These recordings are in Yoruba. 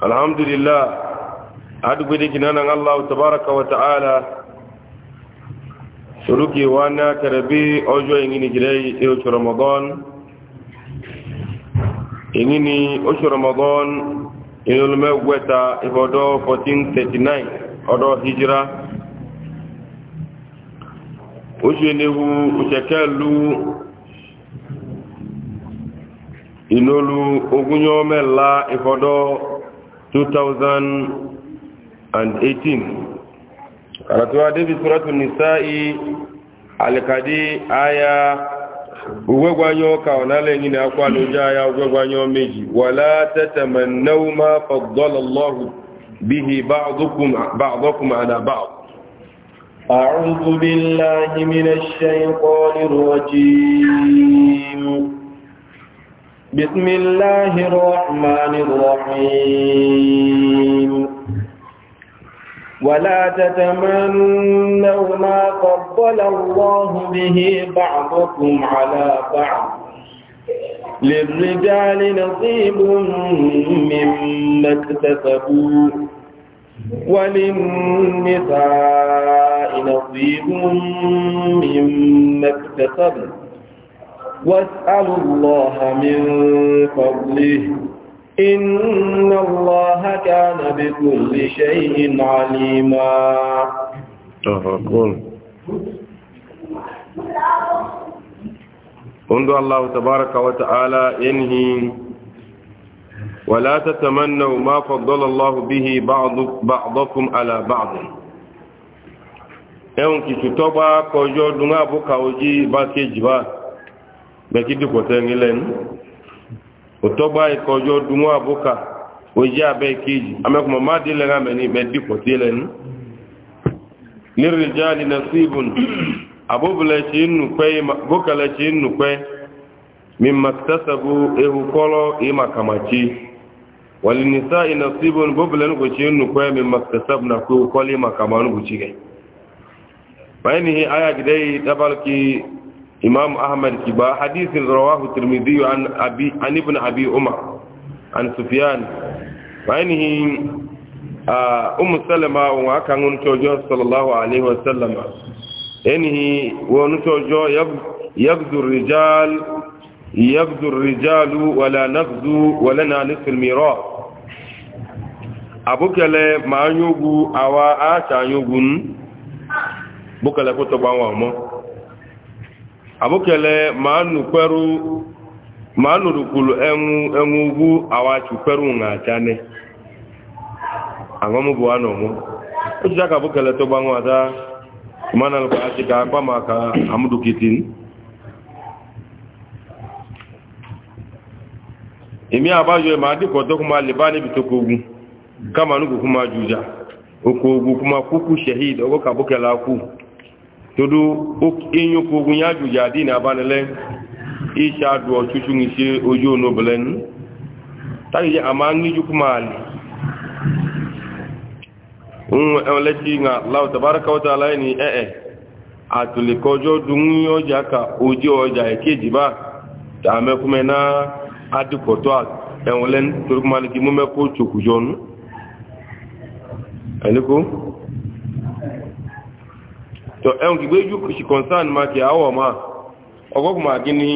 alhamdulillah adugbede kinanan allahu tabaraka wa ta'ala suruki wana karabi ojo ingini jirei ocho ramadan ingini ocho ramadan inulume gweta ibodo 1439 odo hijira ojo enehu uchekelu inolu ogunyo mela ibodo 2018 karatuwa dabi suratun nisa'i alkadi aya ugwegwanyo ka onale ni na akwa loja aya ugwegwanyo meji wala tatamannaw ma faddala Allah bihi ba'dukum ba'dakum ba'd أعوذ بالله من الشيطان الرجيم بسم الله الرحمن الرحيم ولا تتمنوا ما فضل الله به بعضكم على بعض للرجال نصيب مما اكتسبوا وللنساء نصيب مما اكتسبوا واسألوا الله من فضله إن الله كان بكل شيء عليما منذ الله تبارك وتعالى إنهي ولا تتمنوا ما فضل الله به بعض بعضكم على بعض ẹun kìtù tọ́gbà kọjọ́ dùn àbúkà ojí bá kéjì báà mɛkidi kɔtɛ ŋilɛnu òtɔgba ikɔjɔ dumu aboka oyi abɛ keji amɛkumɔ má di lɛ ŋa mɛni mɛdi kɔtɛ lɛnu niridzali nasibun abobilɛ tsi nukpɛ bokalɛ tsi nukpɛ mimakitasabu ehu kɔlɔ ima kamatsi walinisa inasibun bobilɛ nukotsi nukpɛ mimakitasabu naku ehu kɔlɔ ima kamanu butsi kɛ mayinihi ayagidɛ yi dabaliki imam ahmad kiba hadisin rawahu tirmidhi an abi an ibn abi umar an sufyan ainihi ummu uh, salama wa kan un tojo sallallahu alaihi wa sallam ainihi wa un tojo yabdu rijal yabdu rijal wa la nafzu wa lana nisfu almiras abukale ma yogu awa a ta yogun bukale ko to ba wa mo abukele ma anu kweru ma anu rukulu enwu enwu ugwu awachu kweru nga chane angomu bu ano mu ujja ka bukele to bangu ada mana lo ka ka kwa maka amudu kitin emi abajo ma di ko to kuma libani bitokogu kama nugu kuma juja okogu kuma kuku shahid ogo ka bukela ku todo inyo kogun ya ju ya di na banile isha du ochuchu nse ojo no belen tari ya amangi ju kumali un eleti nga law tabaraka wa taala ni eh eh atuli kojo dun yo ja ka ojo oja ekeji ba ta me kumena adukoto enwelen turkumali ki mume ko chukujon eliko to ẹun gbígbé yú kìí concern ma kìí àwọ̀ ma ọgọ́gùn ma gí ní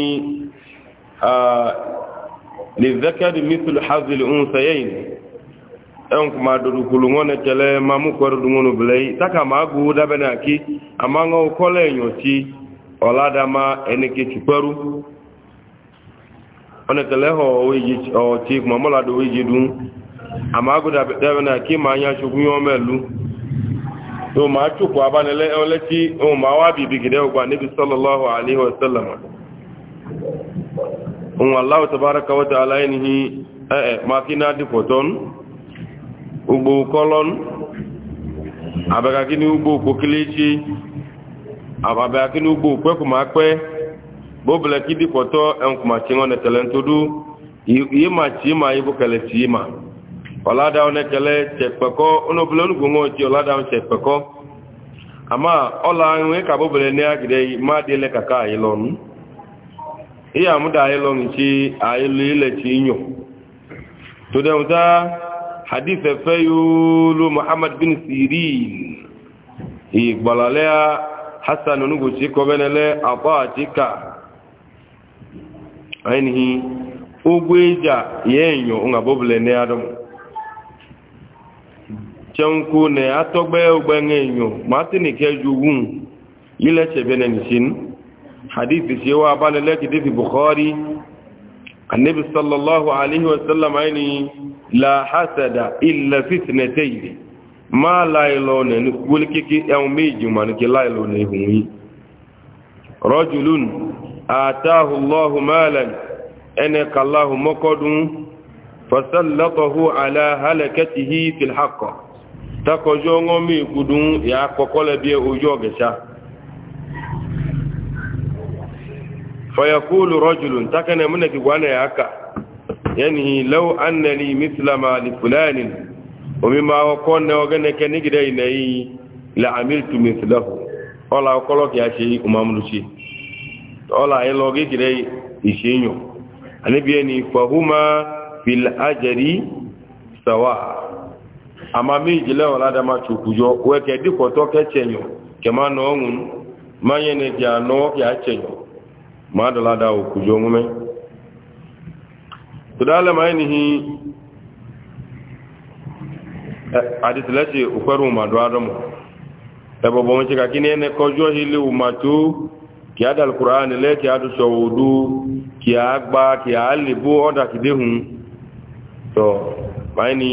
lè un sayayin ẹun kuma dọ̀dùkulu wọn na ma mú kọ́ wọn taka ma gú dábẹ́ náà kí a ma ń kọ́lẹ̀ èèyàn tí ọ̀làdàmà ẹni kìí tupẹ́rú wọn na kẹlẹ họ ọ̀tí kuma dùn a ma gú dábẹ́ náà kí ma to ma chukwu abanile oleki o ma wa bibigide ogba nabi sallallahu alaihi wasallam un wallahu tabaaraka wa ta'ala inhi eh ma kina di foton ugbo kolon abagagini ugbo kokilichi abagagini ugbo kweku ma pe bo bele foto en kuma chingo ne telentudu yi ma chi ibu chi ma ọ̀làdáwọn nẹ́kẹ̀lẹ́ tẹ̀pẹ̀kọ́ onóbìnrin olùgbòmọ́ ti ọ̀làdáwọn tẹ̀pẹ̀kọ́ àmá ọlá àwọn ìkàbóbìnrin ní àgìdẹ̀ má délẹ̀ kàkà àyílọ́nù ìyà àmúdà àyílọ́nù tí àyílọ́ ilẹ̀ ti yàn tó dẹ̀hùn tá fefe muhammad bin hassan chenku na atọgbe ogbenye enyo martin kejugun ile chebenenishin hadithi sewa abalileki difi bukhari annabi sallallahu alaihi wasallam aini la hasada illa fitnatayn ma lailo ne wulkiki yan meji manki lailo ne hunwi rajulun ataahu allah malan ene kallahu makodun fasallatahu ala halakatihi fil haqq takɔjɔ ŋɔ mi kudun ya kɔkɔ lɛ bi ojú ɔgɛsa fayakulu rɔjulun takɛnɛ mu nɛki wa nɛ ya ka yanni lɛw anɛli misilama lifulaani omi ma kɔ nɛ ɔgɛ nɛkɛ nigi dɛ yinɛ yi la amiri tu misilahu ɔla kɔlɔ kìí ase umamulu si ɔla ayɛlɛ ɔgɛ kìí dɛ ise nyɔ ani bi yanni fahuma fil ajari sawa ama mi jile wala dama chukujo weke diko toke chenyo kema no ngun manye ne dia no ya chenyo ma do la da ukujo ngume tudale maini hi hadith lati ukwaru ma do adamu ebo bo mo chika kinene kojo hili umatu ki adal qur'an le ki adu shawudu ki agba ki alibu oda kidehun to maini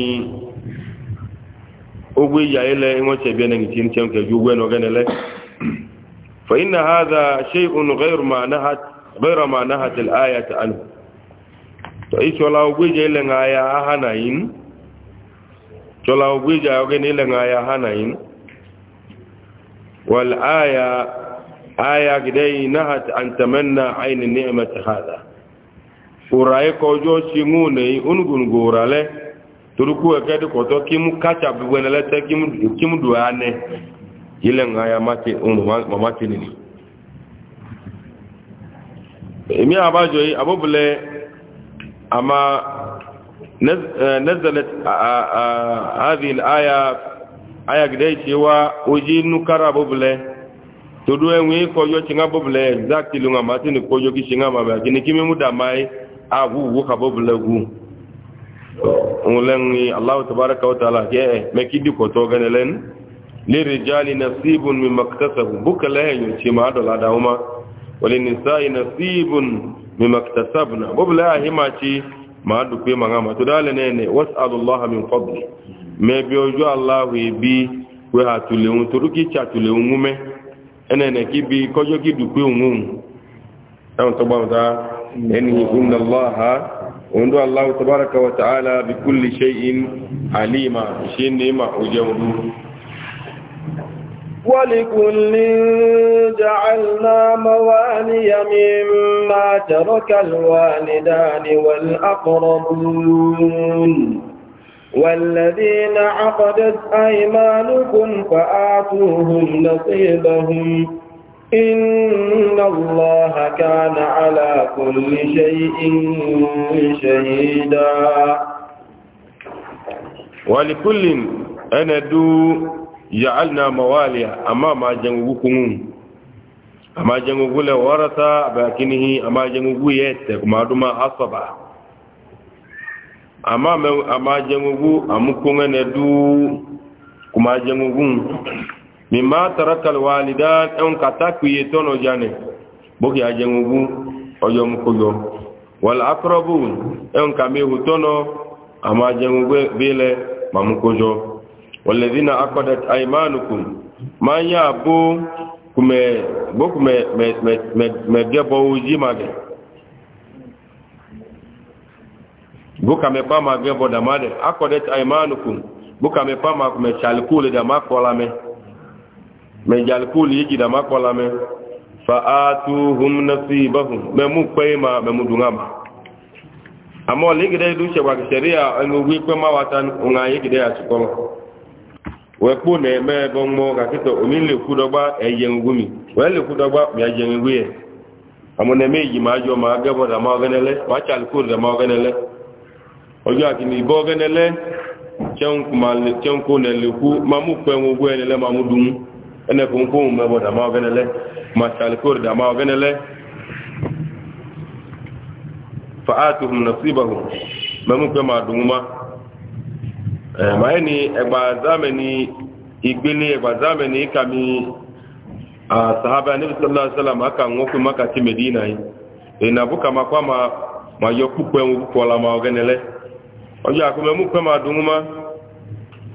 ogwe yayi le in wace biya nan cin cin ka ju gwe no gane le fa inna hadha shay'un ghayr ma nahat ghayr ma nahat al ayat an to i chola ogwe je le ngaya hana yin chola ogwe ja ogwe ni le ngaya hana wal aya aya gidai nahat an tamanna ayn ni'mat hadha uraye ko jo shingune ungun gurale toruku eke de kɔtɔ kimu katsa wɛnɛ lɛ tɛ kimu kimu do anɛ yilɛ ŋa ya mate mama mama te nini emi abadzɔ yi abo bilɛ ama nɛzɛlɛ aadil aya aya gidɛ tse wa oji nukara abo bilɛ todo ɛŋue kɔjɔ tse ŋa abo bilɛ exact lu ŋa mate ni kɔjɔ kisi ŋa ma bɛ kini kimi mu dama yi awu wo ka abo bilɛ gu ngulengi allah tabaraka wa taala ke me kidi ko to ganelen li rijali nasibun mimma iktasabu bukala yin ci ma dola dauma wali nisa'i nasibun mimma iktasabna bubla hima ci ma du pe ma ngama to dale ne ne was'alullaha min fadli me bi ojo allah wi bi we ha tulewun turuki cha tulewun mume enene ki bi kojo ki du pe unun tan to ba ta eni inna allaha ondo الله تبارك وتعالى بكل شيء عليما shay'in alima ولكل جعلنا مواني مما ترك الوالدان والأقربون والذين عقدت أيمانكم فآتوهم نصيبهم إن الله كان على كل شيء شهيدا ولكل أنا دو جعلنا مواليا أما ما جنوبكم أما جنوب ورثة باكنه أما جنوب يتك ما دما أصبع أما أما جنوب أمكم أنا دو كما جنوبكم mimma taraka alwalidan en kata kuye tono jane boki ajengugu oyo mkoyo wal aqrabun en kame hutono ama jengugu bile mamkojo walladhina aqadat aymanukum man yabu kume boku me me me me, me gebo ujimage boka mepama gebo damade aqadat aymanukum boka mepama kume chalikule damakolame mẹjàlì kúlì yìí jìdà má faatu mẹ́ fa atuhum nasibahum mẹ́mú pẹ́ ma mẹ́mú dùn àmà ma lẹ́gẹ̀dẹ́ ìlú ṣẹ̀wàkì ṣẹ̀rí àwọn owó pẹ́ má wa tán ọ̀nà ayégẹ̀dẹ́ àṣùkọ́lọ̀ wẹ́pọ̀ nà ẹ̀mẹ́ ẹ̀bọn mọ́ kàkítọ̀ omi lè kú dọ́gba ẹ̀yẹn ogun mi wẹ́n lè kú dọ́gba ẹ̀yẹn ogun yẹn àmọ́ nà ẹ̀mẹ́ èyí máa jọ máa gẹ́bọ̀ dà ene kunkun mebo da ma ogenele masalikor da ma ogenele fa'atuhum nasibahum memu pe ma dunguma eh ma eni egba zamani igbele egba zamani kami a sahaba nabi sallallahu alaihi wasallam aka ngoku maka ti medina yi ina e, buka makwa ma ma yokupe nwu kola ma ogenele ojo akome mu pe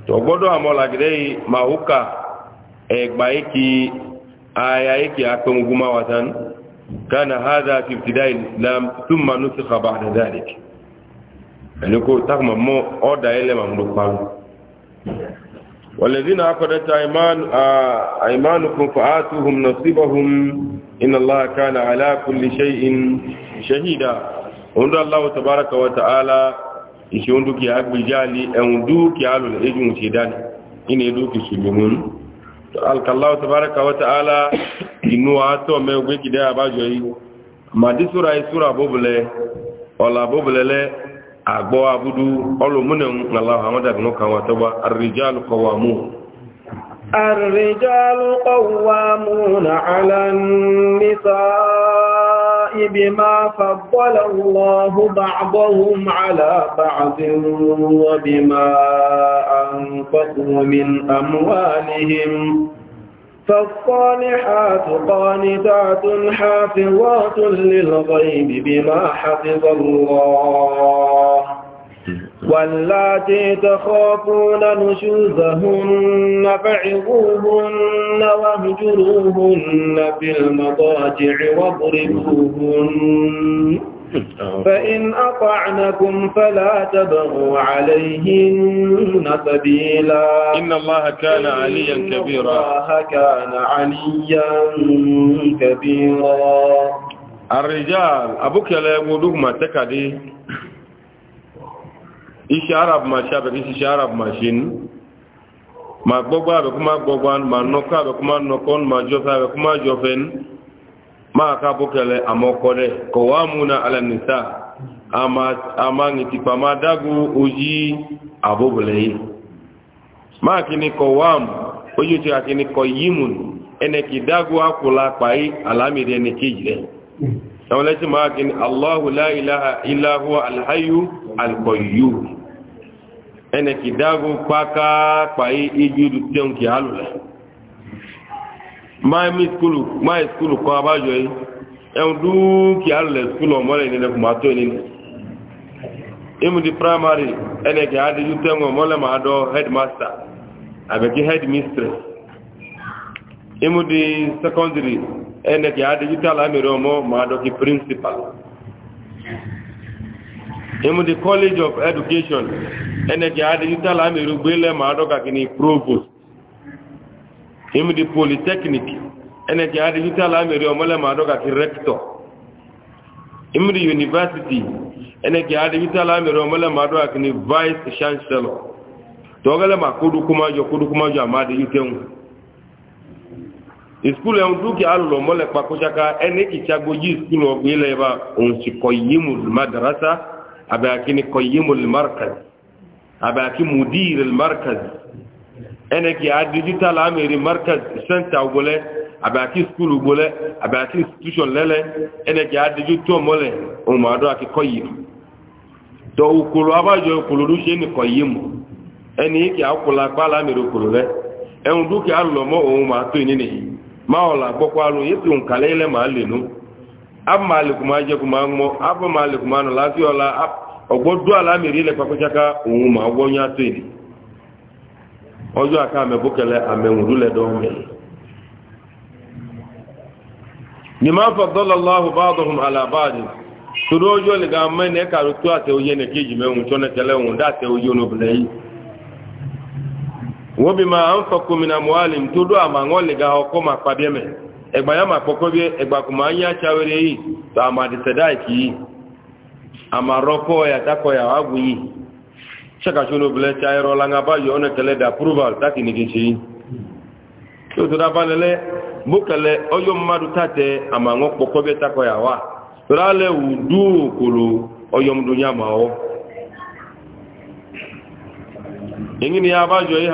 to gbodo amola gide ma egba yake aya yake akan guma watan kana hadha fi ibtida'i al-islam thumma nusikha ba'da dhalik yani ko takma mo oda ele mamdu kwal والذين عقدت ايمان ايمانكم فاتوهم نصيبهم ان الله كان على كل شيء شهيدا وند الله تبارك وتعالى يشوندك يا اجل جالي اندوك يا لول اجن شيدان ان يدوك سلمون alkalau tabaraka wa ta'ala inu ato me gbe kide abajo yi ma di sura yi sura bobule ola bobule le agbo abudu olo mune allah amada bin kan wa toba ar-rijalu qawamu ar-rijalu qawamun 'ala an بما فضل الله بعضهم على بعض وبما أنفقوا من أموالهم فالصالحات قانتات حافظات للغيب بما حفظ الله واللاتي تخافون نشوزهن فعظوهن واهجروهن في المضاجع واضربوهن فإن أطعنكم فلا تبغوا عليهن سبيلا إن الله كان عليا كبيرا إن الله كان عليا كبيرا الرجال أبوك لا يقولون ما تكدي iṣẹ́ arab ma ṣe abẹ̀kí ṣiṣẹ́ arab ma ṣe ní ma gbọ́gbọ́ abẹ̀kú ma gbọ́gbọ́ ma nọ́kọ́ abẹ̀kú ma nọ́kọ́ ma jọ́fẹ́ abẹ̀kú ma jọ́fẹ́ ní ma ká bókẹlẹ̀ àmọ́kọ́lẹ̀ kọ̀wá múna alẹ́nisa a ma ń ti pàmà dágú ojí àbóbulẹ̀ yìí ma kí ni kọ̀wá mú ojú ti àti ni kọ̀ yìí mú ẹnẹ̀kì dágú akùlà pàí alámìdẹ́ni kéjì rẹ̀ àwọn lẹ́tí máa gini allahu láìláha iláhúwa alhayu alkoyu ẹnẹ kì dágó pákápàá ijú tẹ́un kì á lùlẹ̀ máa mi skúlù máa skúlù kan abájọ yìí ẹun dúkì á lùlẹ̀ skúlù ọmọlẹ̀ ìnilẹ̀ kùmà tó ìnilẹ̀ imudi primary ẹnẹ kì á díjú tẹ́un ọmọlẹ̀ máa dọ́ headmaster àbẹ̀kí headmistress imudi secondary ene ti adi ji tala mi romo ma do ki principal emu di college of education ene ti adi ji tala mi ru gbele ma do ka kini provost emu di polytechnic ene ti adi ji tala mi ri omo le ma do ka ki rector emu di university ene ti adi ji tala mi ri omo le ma do ka kini vice chancellor dogale ma kodu kuma jo kodu kuma jo ma di yitenu ìskúlù ẹ̀hún dúkìá lọ mọ́lẹ̀ pakọ́ṣáká ẹni ìṣàgbójì ìskúlù ọgbẹ́ ilẹ̀ ẹ̀bá òun sì kọ yímù madarasa àbẹ̀àkí ni kọ yímù markaz àbẹ̀àkí mudir markaz ẹni kì á digital senta markaz sẹ́ńtà gbọ́lẹ̀ àbẹ̀àkí ìskúlù gbọ́lẹ̀ àbẹ̀àkí institution lẹ́lẹ̀ ẹni kì á digital mọ́lẹ̀ òun máa dọ́ àkí kọ yímù tọ́ òkòlò abájọ òkòlò lóṣè ni kọ yímù ẹni kì á kọlà gbá lámẹ́rì òkòlò lẹ́ ẹ̀hún dúkìá lọ mọ́ òun máa ma ọla gbọkwalụ ịtụ nkala ile ma alinu abụmalikuma jekuma ṅụọ abụmalikuma nọ lati ọla ọgbọdụ ala mere ile kpakpachaka onwu ma ụgbọ onye atụ ili ọjọ aka amebukele amenwurule dọme nima fọdọlọ lọhụ ba'dhum ala ba'd tụrụ ojo le ga mme na ịkarụ tụ ate onye na keji menwu chọ na kele onwu ndị ate onye onobule wọ́n bí ma ń fọkùn mi na muhali tó dó àmà ń wọ́n lè ga ọkọ́ ma pa bí ẹ̀mẹ̀ ẹgbà yá ma kọ́kọ́ bí ẹgbà kò máa ń yá ṣàwẹ́rẹ́ yìí tó àmà àdìsẹ̀dá ìkì yìí àmà rọ́kọ́ yàtàkọ́ yàwá bù yìí ṣàkàṣọ́ ló bilẹ̀ ṣá ẹ̀rọ langa báyọ̀ ọ̀nà kẹlẹ́ dà púrúbà táàkì ní ṣe yìí tó tó dábà lẹ́lẹ́ kẹlẹ́ ọyọ́ mmadu tàtẹ àmà ń ni abájọ yìí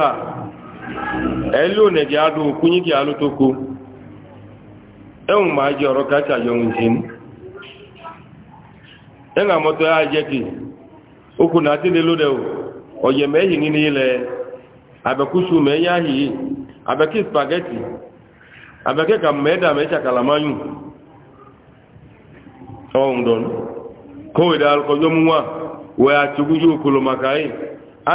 ẹlò nẹ̀dì adó kúnyíkì alótókó ẹ̀hùn máa jẹ ọ̀rọ̀ káàkiri a ìṣẹ́m ẹ̀nà mọ́tọ́ yá jẹ́ ti okùn náà tílé lódẹ̀ o ọ̀yẹ̀ mẹ́yìn nínú ilẹ̀ abẹ́kúsù mẹ́yà yìí abẹ́kí spaghetti abẹ́kí kà mẹ́dà mẹ́sàkàlàmáyùn ọ̀hún dọ̀nù kọ́wé dáa kọjọ́ mú wà wẹ́ àtúgbújú okòlò màkàáyì á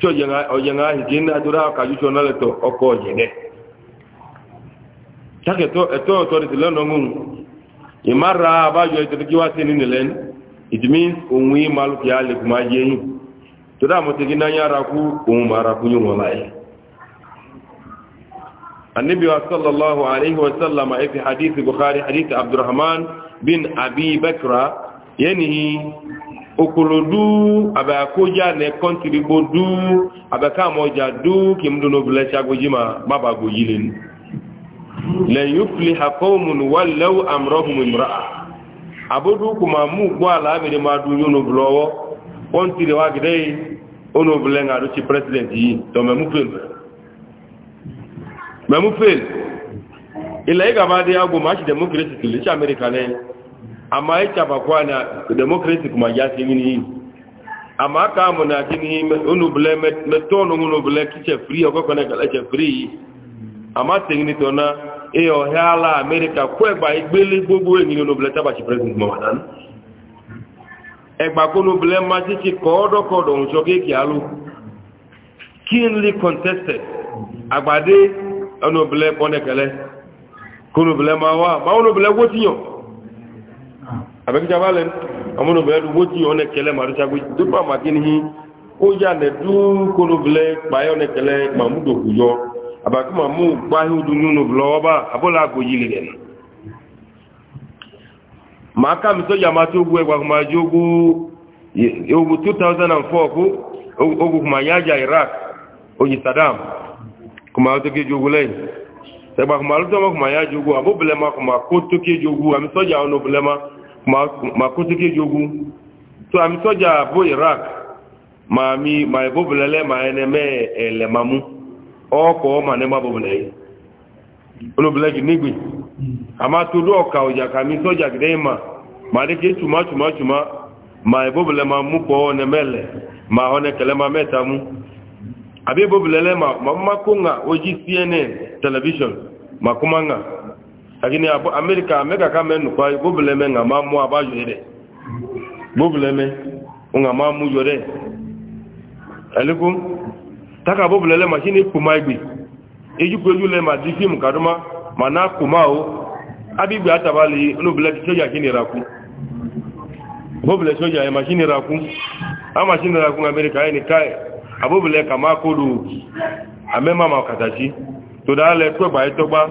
tí ọ̀yẹ̀ngá ìgbé ní àdúrà kàjúṣọ náà lẹ́tọ̀ ọkọ̀ ọ̀yẹ̀ngẹ́ tákẹ̀tọ́ ẹ̀tọ́ ọ̀tọ́ rẹ̀ tìlẹ́ ọ̀nàmú ìmára àbájọ ìtẹ̀lẹ́ kí wá sí ní nìlẹ́ it means òun yìí máa lùkì á lè kùn máa yé yìí tó dá àmọ́ tẹ̀gí náà yára kú òun máa ra kún yóò wọn láyé النبي صلى الله عليه وسلم في حديث بخاري حديث عبد الرحمن بن أبي بكر ينهي okporo duu abịa akụja na kọntrị gbo duu abe ka amaọja duu ka m do n'obilecha goji ma gbaba gojilin leyufli ha kọmun walewu amrọhum imra'a abodu ukwu ma mụ ụgbọala abịrị ma du duu n'obile ọwọ kọntrị wa gide onobile nga arụchi president yi to memu fel memu fel ile ị gaba dị agwụ ma achidemokrasi kilichi amerika n'enye amma ya e caba kwana democracy kuma ya ce mini amma aka mu na kini unubule metonu unubule kice free o kokone kala ce free amma tingni to na e o hala america ko egba igbele gbogbo eyin unubule taba ci president mo wadan egba ko unubule ma ti ci kodo kodo un so keke alu keenly contested agbade unubule kone kale ko ma wa ma unubule wotiyan abẹ́kíjà bá lẹ́nu àmúnú bẹ̀rẹ̀ ló wójú ọ̀nà kẹlẹ́ màdúṣàgbé dúpọ̀ màkínní yìí ó yà lẹ́ dúkọ́lù bilẹ̀ kpáyọ̀ ọ̀nà kẹlẹ́ màmúdò kùjọ àbàkú màmú gbáhíwòdù nínú lọ́wọ́bá abọ́là àgòyí lẹ̀ màá ká mi sọ́jà máa tó gbé ẹgbàkùnmá jó gbó ogun 2004 kú ogun kùmà yájà iraq oyi saddam kùmà tó kéjì ogun lẹ́yìn ẹgbàkùnmá lọ́tọ́ mọ́ kùmà yájà ogun àbóbìlẹ́mà kùmà kó tó kéjì àmì sọ́jà ọ̀nà obìlẹ́mà ma kutike jogun to ami soja bo iraq ma mi ma ebo bulele ma ene me ele mamu oko ma ne ma bobule olobule gi nigbi ama to do ka oja ka mi soja gide ma ma de ke chuma chuma chuma ma ebo bule ma mu ko ne mele ma one kele ma meta mu abi ebo bulele ma ma kunga oji cnn television ma kumanga lakini amerika ameka kama nukwa gobeleme nga mamu abayo ere gobeleme nga mamu yore alikum taka bobelele machine kuma igbe ejuko ejule ma di film kaduma mana kuma o abigbe atabali onubele soja kini raku bobele soja e machine raku a machine raku amerika ni kai abobele kama kodu amema makatachi to dale kweba itogba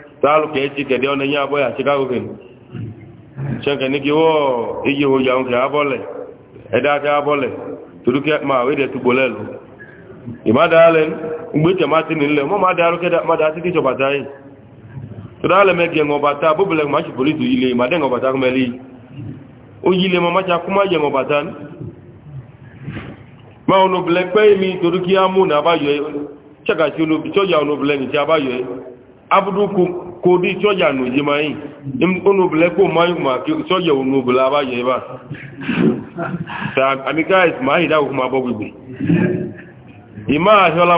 tààlù kẹ́ẹ̀tì kẹ̀dẹ́ ọ̀nà yẹn abọ́yà chicago kẹ́ ṣẹ́kẹ̀ ní kí wọ́ iye òyà òkè abọ́lẹ̀ ẹ̀dá kẹ́ abọ́lẹ̀ torúkẹ́ ma wéde túbọ̀ lẹ́lu ìmádàálẹ̀ gbẹ́tẹ̀ má ti nílẹ̀ mọ́ máa dàálù kẹ́dà má dàá títí ṣọ̀bàtà yìí tọ́dálẹ̀ ma ọ̀bàtà bóbulẹ̀ abudu ko di soja nu jima yi onu ble ko ma yi ma ki soja onu bile aba ye ba ta amika ma yi da ko ma bo ima mola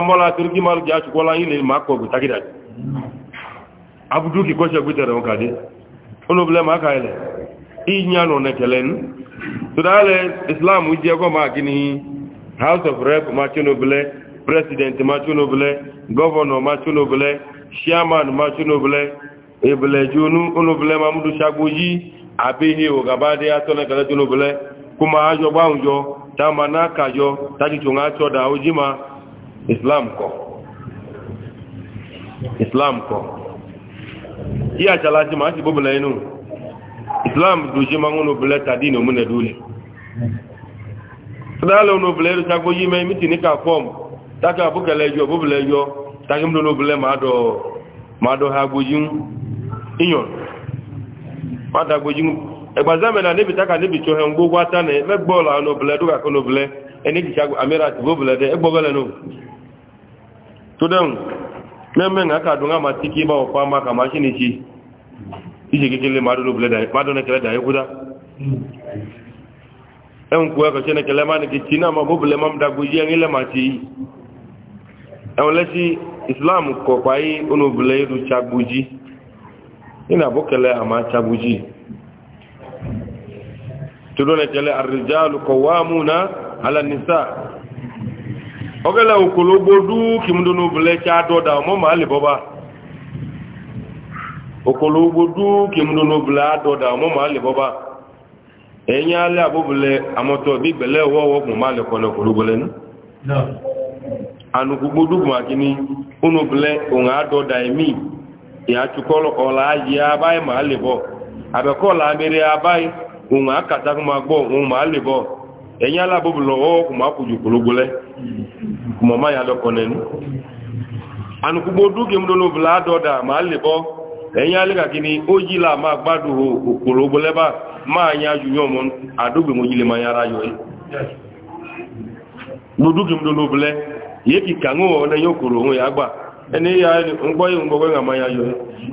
mal ja ma ko bi abudu ki ko se tere on kade onu ma ka ile inya no ne kelen islam ko ma kini house of rep ma chuno president ma chuno governor ma chuno chairman machinobele ebeleji onubele mamudu shagboji abehe ogabade atọnekele tonobele kuma ajọ gbanwujọ tama n'aka jọ tajito ŋa tsọ da oji ma islam kọ islam kọ yi atsala ti ma asi bobele inu islam doji ma ŋunobele tadi na omune dole tọ́lá lọ́nà obìnrin ẹ̀rọ ṣagbojí mẹ́ mítì ní kàfọ́m tákà bókẹ̀lẹ̀ ẹjọ́ bóbìnrin ẹjọ́ tagi mdo n'obule ma adọ ma adọ ha agbojin inyon ma adọ agbojin ẹgbazame na nebi taka nebi tso hẹn gbogbo ata ne mẹgbọ la n'obule dọka kọ n'obule ẹni kìí sago amira ti gbobule dẹ ẹgbọ bẹlẹ n'o tó nga ka dùn ama tiki ma ọkọ ama ka masini tsi ìṣe kékeré ma adọ n'obule da ma adọ n'ekele da e ma ne ke tsi n'ama gbobule ma mu da agbojin ma islam kọ̀ọ̀pá yìí onóbìnrin ìlú chagbuji nínú àbúkẹ́lẹ́ àmà chagbuji tó lọ́nà tẹ́lẹ̀ àrìjáàlù kọ̀wá múná alánisa ọgẹ́lẹ̀ òkòlógbó dúkì mú donóbìnrin chá dọ́dà ọmọ màá lè bọ́bá òkòlógbó dúkì mú donóbìnrin adọ́dà ọmọ màá lè bọ́bá ẹ̀yìn alẹ́ àbúbìnrin àmọ́tọ̀ bí gbẹ̀lẹ́ ọwọ́ ọwọ́ kùn má lè kọ́nà òkòlógbó lẹ́nu ànùkùgbó dúkùn àkíní unu bile unga ado daimi ya chukolo ola ya abai ma alibo abeko la mere abai unga kata kuma gbo un ma alibo enya la bubulo o kuma kuju kulugule kuma ma ya loko nenu anu kubo duke mdo bla ado da ma alibo enya le kini oji la ma gbadu kulugule ba ma nya ju yo mon adugbe mo jile ma yara yo yi dudu ke mdo no ye kika ka ŋo ne yo okoro ya gba ene ya ni ŋkpɔ ye ŋgbɔ ke ŋa ma ya yɔ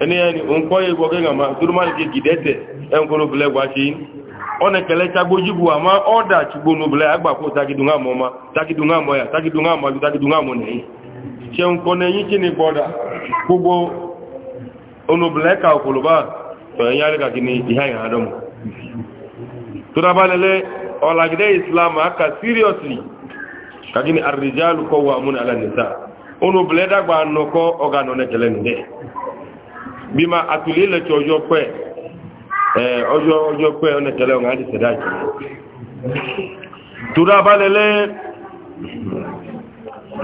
ene ya ni ŋkpɔ ye gbɔ ke ŋa ma ke gi bu ɔda agba ko takidu ŋa ma takidu ŋa mɔ ya takidu ŋa mɔ takidu ŋa mɔ nɛyi tse yi e ni ka okoloba tɔyɛ nyari kakini iha yi ha aka seriously. kagini wa qawwamun ala nisa onu bleda gba no ko oga no ne tele nde bima atuli le cho pe eh ojo ojo pe one tele on adi sedaji tura balele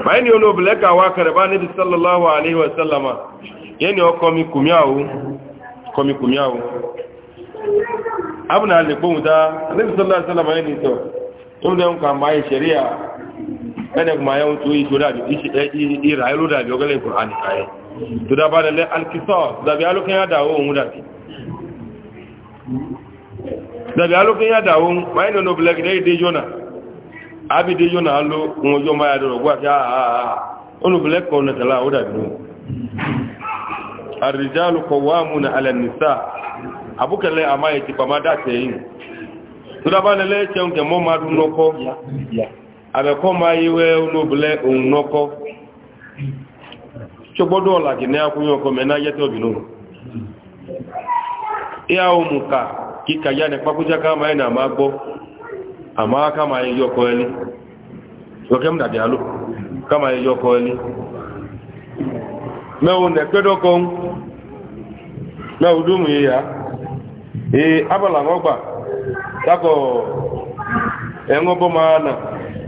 bayni onu bleka wa karba nabi sallallahu alaihi wasallama yeni oko mi kumyao ko mi kumyao abuna le gbohun da nabi sallallahu alaihi wasallama yeni to to dem kan mai sharia ene kuma yawon tsoyi to da bi irayi da bi ogalin kur'ani kayan to da ba da le alkisar da bi alukan ya dawo ohun da bi da ya dawo mai nono black dai dai jona abi dai jona lo ohun ojo maya da rogwa ta ah, ah, ah, onu black kọ na tala o da bi don arrijalu qawwamuna ala nisa abukan le amaye ti pama da te to da ba da le cheun ke mo ma dun loko abẹ́kọ́ máa yíwẹ́ olóbulẹ̀ òun nọ́kọ́ tí ó gbọ́dọ̀ ọ̀làjì ní akúnyọ́ ọkọ̀ mẹ́ná yẹ́tẹ́ òbínú ìyá ohun ká kíkà yá ní pápújáká máa ní àmá gbọ́ àmá ká máa yẹ yọkọ ẹni lọ́kẹ́ mú dàbí àlò ká máa yẹ yọkọ ẹni mẹ́wọ̀n nẹ̀pẹ́dọ́kọ́ mẹ́wọ̀n dúnmù yìí yá ee abọ́là wọn gbà sákọ̀ ẹ̀ńgọ́bọ́ máa náà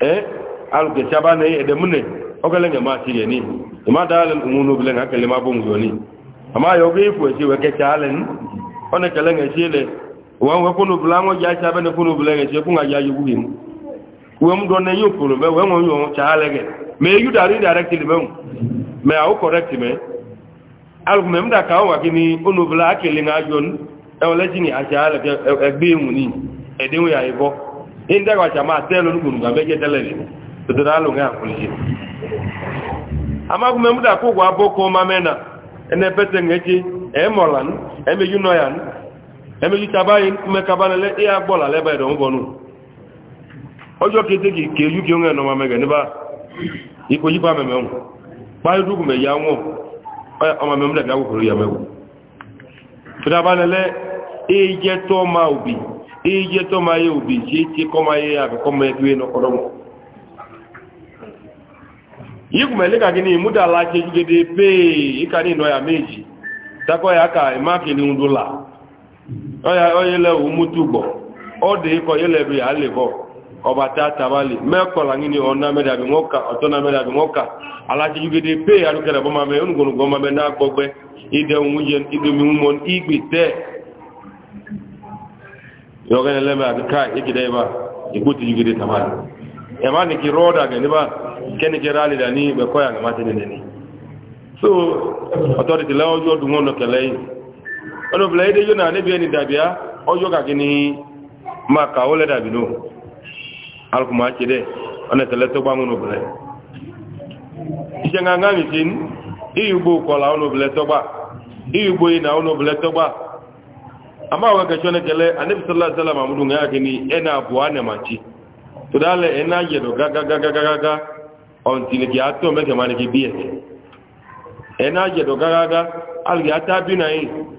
eh aluke chaba na ede mune ogele ma ti yeni ngunu kele ma bungu ni ama ifu e we ke chalen one kele nge chile wa we kunu blango ja chaba kunu bile nge che kunga ja yugu himu we ne yu be we mo me yu dari directly be me au correct me alu me mda ka wa kini unu bla akele jon e ole jini a chale ke egbe mu ni eh, eh, eh, ya ibo inda wa jama telo nugu nga meje telele tudalo nga kulije ama kume muda ko gwa boko mamena ene pete ngeji emolan eme yunoyan eme yutabayi kume kabana le ya bola le ba ngonu ojo ke yu ke ngeno mamega ni ba iko yipa meme ba yu dugu me ya ngu o ma memuda ga ko ya mewu tudabana le e to ma obi ije to ma ye obi je ti ko ma ye abi ko ma ye no ko don yi kuma ka gini muda la je jugede pe ikani ya meji tako ya ka e ma ke ni undula oya oye le o mutu gbo o de le bi ale bo ọba ta tabali mẹ́kọ̀lá ní ọ̀nà mẹ́ yoga ne lema ga kai dai ba ikuti yugire tamani amma ne ki roda ga ni ba kene ke rali da ni be koya ga mata ne ne so authority du ngono ono na ne bi ni dabia ojo ga ma ka ole da binu al kuma de ona to ba ngono nga nga mi tin iyu la ono to ba iyu ina ama wee kacha ne kele anabi sallallahu alaihi wasallam amudu ngaya kini ena buwa ne machi to dale ena yedo gaga gaga gaga gaga ontile ki ato meke mane ki biye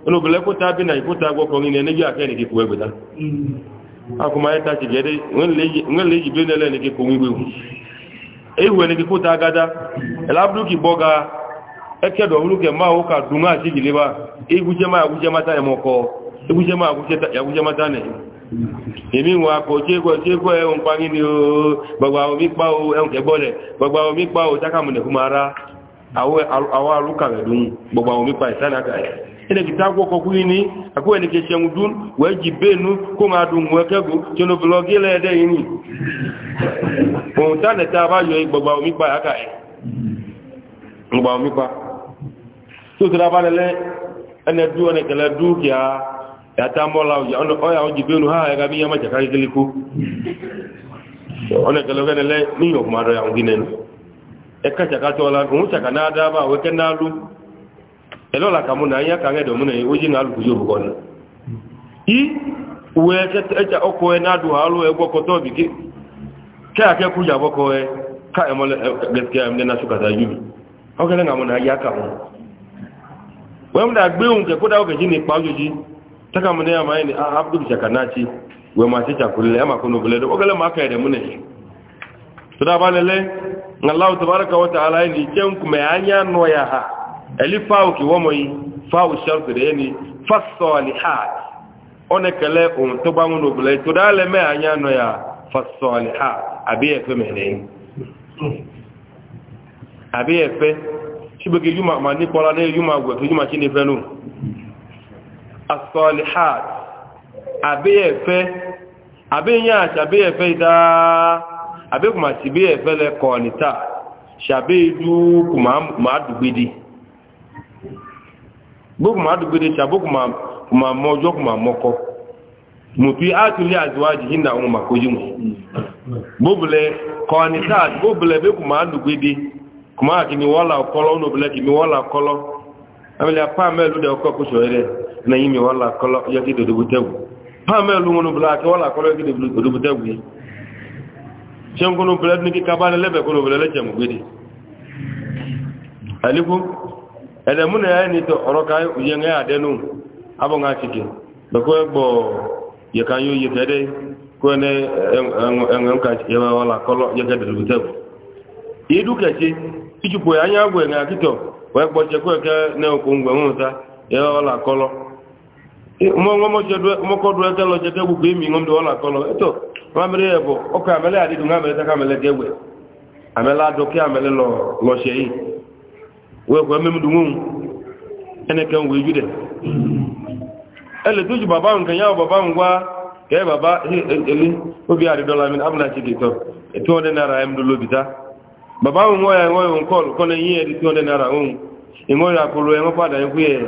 no bele ko ta ko ta go ko ni ne ya kene ki kuwe akuma ti gede ma o ka dunga gileba ma egúnjẹ́ máa yàgúnjẹ́ máa dánẹ̀ èmi wà kò tíẹ́kọ́ tíẹ́kọ́ ẹ̀hùn parí ni o gbogbo omi pa o ẹ̀hùn kẹgbọ́lẹ̀ gbogbo omi pa o jákàmùnẹ̀ fún ara àwọn alúkà rẹ̀ dùn gbogbo omi pa ìsánàkà ẹ̀ ilẹ̀ kìtà kọ́kọ́ kú ní àkúwẹ̀ ní kẹsẹ̀mù dún wẹ́ ni òun tánẹ̀ tá a bá yọ gbogbo omi pa àkà ẹ̀ e. gbogbo omi ya mbola oya ojibenu ha ya gabi yama chakaki kiliku one ya ngine no eka chakato la ngu chakana da ba ya kange do mune uji ngalu kujo bukona i weke echa oko e nadu halu e gwo kotobi ki ke ake kuja e ka emole e, na suka ta yubi okele ngamuna ya na wemda gbeun taka mu ne ya mai ne a ah, abdul shakanaci we ma ci chakulle ama kuno bule do ogale ma kai da mu ne to da bale le ngallahu tabaaraka wa ta'ala ni cem ku me ya no ya ha elifa ki wo moyi fa u sharf de ni fa ha one kele on to ba mu no bule to da le me anya no ya fa salihat abi e fe me ne abi e fe sibege yuma ma ni kola ne yuma gwe to yuma chi ni fe no asọ́lìhàt àbíyẹ̀fẹ́ àbíyàn àti àbíyẹ̀fẹ́ ìdá àbíkùmà sí bíyẹ̀fẹ́ lẹ́kọ̀ níta ṣàbíyẹ̀dú kùmà dùgbìdì gbókùmà dùgbìdì ṣàbókùmà mọ́jọ́ kùmà mọ́kọ́ mùtú àtúlé àzíwájì yìí nà ọmọ àkójú mu gbóbulẹ̀ kọ̀ níta gbóbulẹ̀ bíkùmà dùgbìdì kùmà kìíní wọ́là ọkọ́lọ́ ọ̀nà òbílẹ̀ kìíní wọ́là ọkọ́lọ́ àmì na imi wala kolo yaki do dubu tewu ha me lu ngunu bla kọlọ wala kolo yaki do dubu tewu chen kono bla ni ki kabale lebe kono bla le chen gwidi alikum ele mun ya ni to oroka yenge adenu abo nga chike do ko gbo ye kan yo ye tede ko ne enwe en ya ye wala kolo yaki do dubu tewu idu kechi ijupo ya anya gwe nga kito we gbo che ko ke ne okungwe ya wala kolo mọkọdụ ete lọ jete gbukwu imi ngom ndị ọla kọlọ eto mamere e, e, ya bụ ọkọ amele adịdụ nga amele taka amele gegbe adọkị yi eneke baba nke ya baba ngwa ka e baba eli obi adịdọla abụla chi tọ etu ọdị baba ya na ya dị tụ ọdị nara nwu e,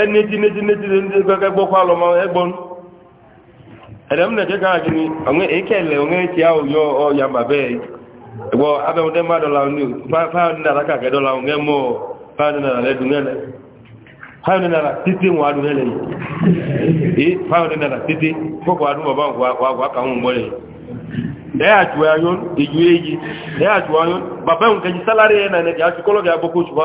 e nìtì nìtì nìtì gbẹgbẹ gbọkọ alọ ma ẹgbọn ẹdẹm nẹkẹ káà kiri ọ̀nà ìkẹlẹ ọ̀nà ìtì àwọ yọ ọ̀yà bàbẹ ẹgbọ abẹ́wọn dẹ́m bá dọ̀la ní fáwọn nínú àràkà kẹ dọ̀la ọ̀nà mọ́ fáwọn nínú site lẹ́dùn ẹlẹ ya ya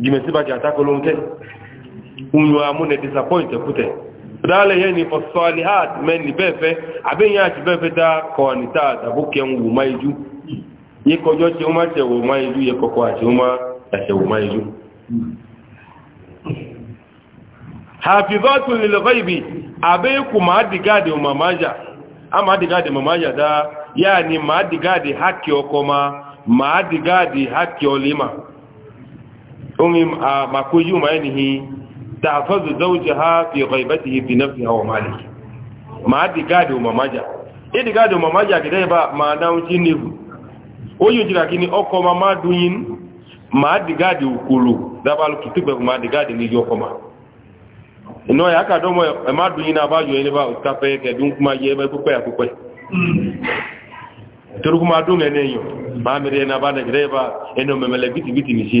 jimesiba ki atakolonke unyo amune disappoint kute dale yeni for salihat men ni befe aben ya ti befe da ko ni ta da buke nwu maiju ye ko jo ti o ma se wo maiju ye koko ati o ma ta se yani ma digade haki okoma أمي ما كوجو ما ينهي تحفظ زوجها في غيبته في نفسها وماله ما دي قادو ما ماجا إيه دي قادو ما ماجا كده با ما ناوشي نيفو oyo jira kini oko ma duyin ma digadi ukulu dabalu ma digadi ni yoko ma ino ya ka domo e ma duyin na bajo ile ba utape ke dun kuma ye ba ya kupe turu kuma dun ene yo ba mere na ba na ba memele biti biti ni shi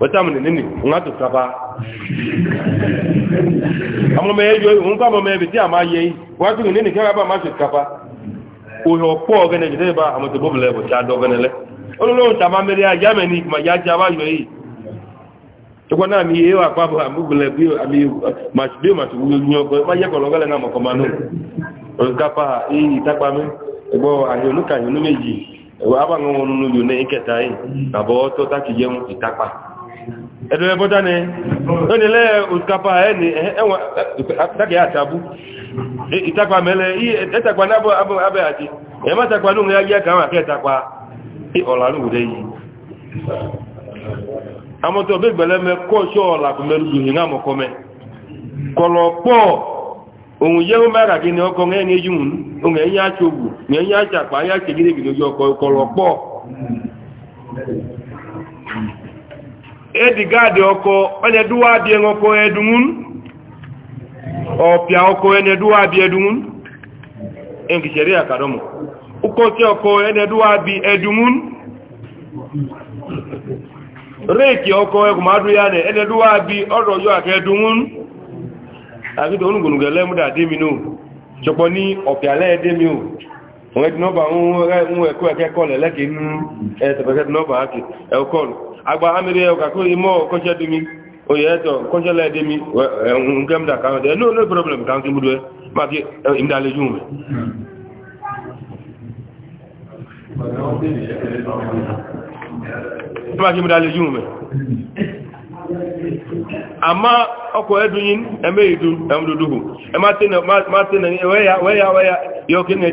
wọ́tàmù ní nínú ńlá tó sábà amọ̀mọ̀ ẹjọ́ òun bá mọ̀mọ̀ ẹbí tí a máa yẹ yìí wọ́n tún nínú kẹ́rẹ́ bá máa ṣe sábà òhè ọ̀pọ̀ ọ̀gẹ́nẹ̀ jẹ́ bá àmọ̀tò bóbulẹ̀ ọ̀tí adọ́gẹ́nẹ̀lẹ́ ọ tàbá mẹ́rẹ́ ajámẹ́ ní ìgbìmọ̀ ya já wáyọ̀ yìí tọ́kọ́ náà mi yé ẹ̀dọ̀ ẹbọ́dá ni ó ní lẹ́ òsìkápá ẹni ẹwọ̀n dákẹ̀ àtàbú ìtàpá mẹ́lẹ̀ ẹ́tàpá náàbọ̀ abẹ́ àti ẹ̀mátàpá lóhun yá yẹ́ kàwọn àkẹ́ẹ̀tàpá ọ̀làrúwùdẹ́ yìí amọ́tọ̀ bí gbẹ̀lẹ́ mẹ́ kọ́ṣọ́ ọ̀làkùnmẹ́lú edigadi ọkọ onye duwabi ọkọ edungun ọpịa ọkọ onye duwabi edungun enkichere ya kadomo ukoke ọkọ onye duwabi edungun reeki ọkọ egwumadu ya na onye duwabi ọdọ yọ aka edungun agidi onugunugu elemuda ademino jọpọ ni ọpịa lẹẹdemi o onwe dị nọba nwe ẹkọ ẹkẹkọ lẹlẹkẹ nínú ẹsẹpẹkẹ dị nọba akị agba amiri ya kako imo kocha dimi oye to kocha la dimi ngam da kan de no no problem kan ki mudwe ma ki imda e, le jume ma ki imda le jume ama oko edunyin eme idu emdudugu e ma tene ma tene ni e, weya weya weya yo kene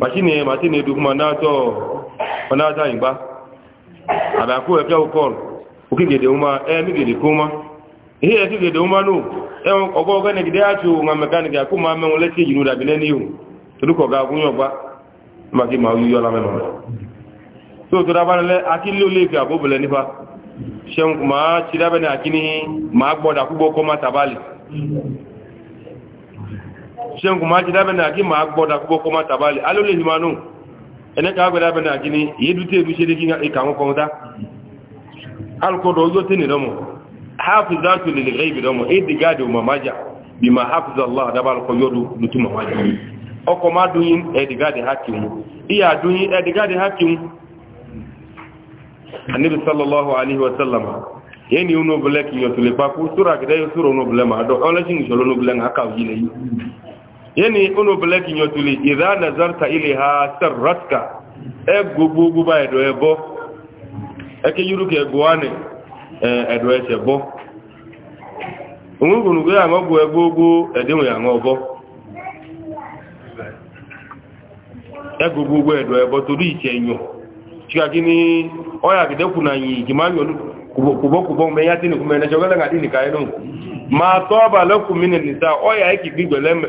machine machine du eh, kuma nato onata ingba ada ku e pya ukol ukigede uma e migede kuma ihe e kigede uma nu e ogo ogo ne gide achu nga mechanic ya kuma me wole ti yinu da bile ni u tuduko ga gunyo gba magi ma yu yo la me no so to da ba le akili o le fi abobele ni fa seun kuma chirabe ni akini ma gboda ku gbo ko ma tabali shen kuma ci dabe na ki ma gboda ko ko ma tabali alo le himanu ene ka gbe dabe na ki ni yedu te bi shede ki ga e ka mo ko da al ko do yo tini domo hafizatu lil ghaib domo e di gade o mamaja bima hafiz allah da bal ko yodu lutu mamaja o ko ma dun yin e di gade hakimu iya dun yin e di gade hakimu annabi sallallahu alaihi wa yẹni ọnà obìnrin kìí yọtulè ìdá nazarta ilẹ̀ ha sẹ́rọ̀tìkà ẹ gbogbo gbogbo ẹ̀dọ̀ ẹ bọ́ ẹkẹ yúrùkẹ ẹgbọ́ wánì ẹ̀dọ̀ ẹ̀ṣẹ̀ bọ́ òmùgbònùgbò àwọn ọgbọ̀ ẹgbogbo ẹ̀dẹ̀wọ̀n àwọn ọbọ́ ẹ gbogbo ẹ̀dọ̀ ẹ bọ́ torí ìṣẹ̀ yàn ṣíkàkí ní ọyà yìí tí nìkú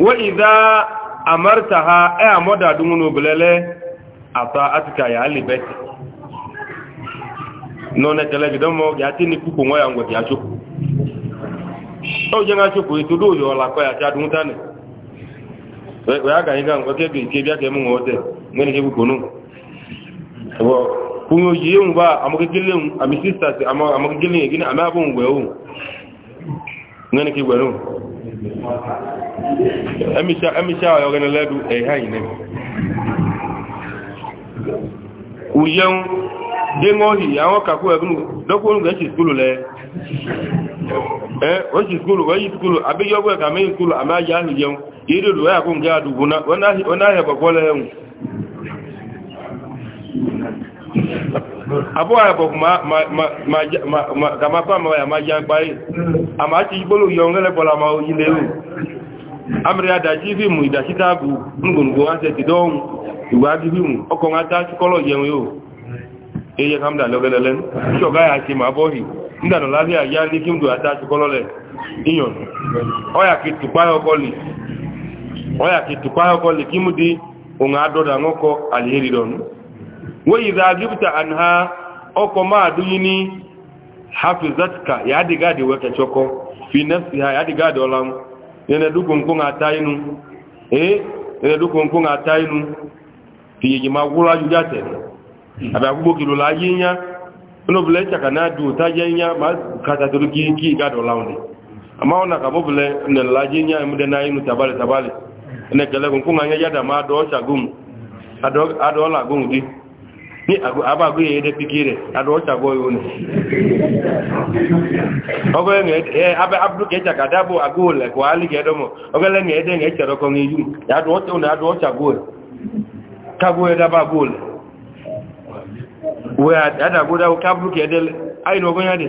wa idha amartaha ay e amoda dungunu bulele ata atika ya libet nona kele gidomo ya tini kuku ngoya ya chuku o jenga chuku itudu yo la ko ya jadun tane we aga inga ke bi ke bi mu ngote ngene ke wo kunyo yi amoke um, amoke um. ngene ke emisha ayọ gẹ́nà lẹ́dù ẹ̀yà ìnẹ́ ùyẹun déngọ́hì àwọn kàkó ẹ̀gbùn dọ́kùnrin gẹ̀ẹ́sì skúlù lẹ́ wọ́sì skúlù wọ́yí skúlù abíyọ́gbọ́ ẹ̀kà mẹ́yìn skúlù àmá yà àyàbọ̀ ma yà ń parí àmá ti gbólù yọ ń rẹ́lẹ́bọ̀lá ma amịrị adachi ife mụ idachita bụ ngwongwo asetido ọnwụ igwe agịghị mụ ọkọ nwata chịkọrọ yenwe o eye ka m dala ogelele chi ọ ya achị ma abụghị ndanụlalịa ya n'ike mdụ ata chịkọrọ le iyon ọya ka tụkpahị dị ha ọkọ ni hafizatka ya adịghị fi ha ya adịghị ene dukun ko nga tainu eh ene dukun ko nga tainu ti yi ma wura ju jate abi agbo kilo la yinya no bele chaka na du ta yinya ma kata to ki ki ga do launde ama ona ka bo bele ne la yinya mu de na inu tabale tabale ene kele ko nga nya da ma do chagum ado ado la gum di ní àbágbé ẹ̀ẹ́dẹ́ píkẹ́rẹ̀ adọ́ọ̀ṣàgbọ́ ìwọ̀n ọgọ́lẹ́nu abdulkẹ́jàkàdábò agóòlẹ̀kọ́ alígẹ́dọ́mọ̀ ọgọ́lẹ́nu ẹ̀ẹ́dẹ́ ẹ̀ẹ́kẹ̀rọ̀kọ́ ní ìlú adọ́ọ̀ṣàgbọ́ ẹ̀ kágbó ẹ̀dábà góòlẹ̀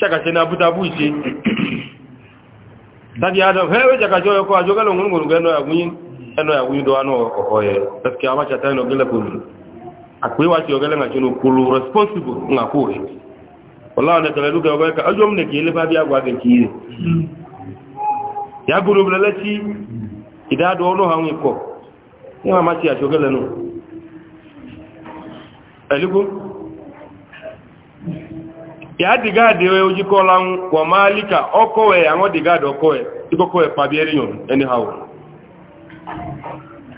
ṣàkàṣẹ́ ní abútabú ìṣe tàbí adam hẹ́wẹ́ ṣàkàṣẹ́ ọkọ̀ àjọgẹ́lẹ̀ òǹgbòrùn ẹnu àgúnyín ẹnu àgúnyín tó wá náà ọ̀họ̀ ẹ̀ pẹ̀sìkì àmáṣàtà ẹnu ọgẹ́lẹ̀ kò lù àpéwà ti ọgẹ́lẹ̀ àti ẹnu kò lù responsible ń àkó rẹ̀ ọláwọn ẹ̀tẹ̀lẹ̀ dúkẹ́ ọgọ́ ẹ̀ka ọjọ́ mìnà ya gbọ́dọ̀ bẹ̀rẹ̀ lẹ́tí ya digade we ojikola kwa malika okowe ango digade okowe ikokowe pabieri yon anyhow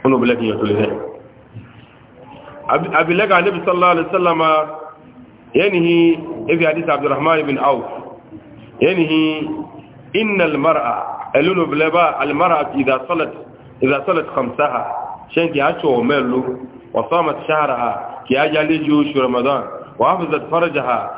ono bile kinyo tulile abilega Abi nabi sallallahu alaihi wasallama yanhi ifi hadith abdurrahman ibn auf yanhi inna almar'a alunu bilaba almar'a idha salat idha salat khamsaha shanki acho melu wa samat shahraha ki ajali ju ramadan wa hafizat farajaha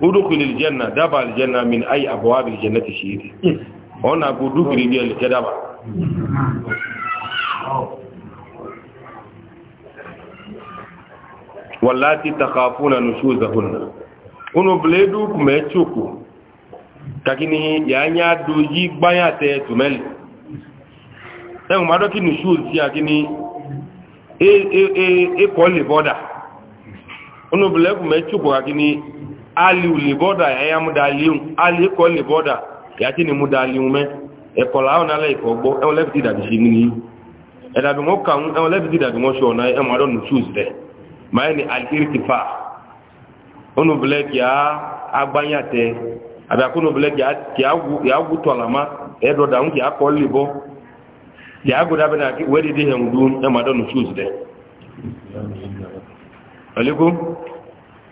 udkhul aljanna daba aljanna min ay abwab aljannati shiri ona go dukri bi alkadaba wallati takhafuna nushuzahunna uno bledu kumechuku kakini yanya doji gbaya te tumeli ẹ̀hùn máa dọ́kì nìṣúù sí àkíní ẹ̀kọ́ lè bọ́dà onúbìlẹ́kùn mẹ́tùkù àkíní aliu liboda ya mudaliu ali liboda ya ti ni mudaliu me e ko lawo le ko gbo e wole bi da e e bi ni e ka e da bi mo na e mo don choose de ma e ni al onu black ya agbanya ada ya ti ya agu to e da un libo ya agu na ki wedi de he dun e don choose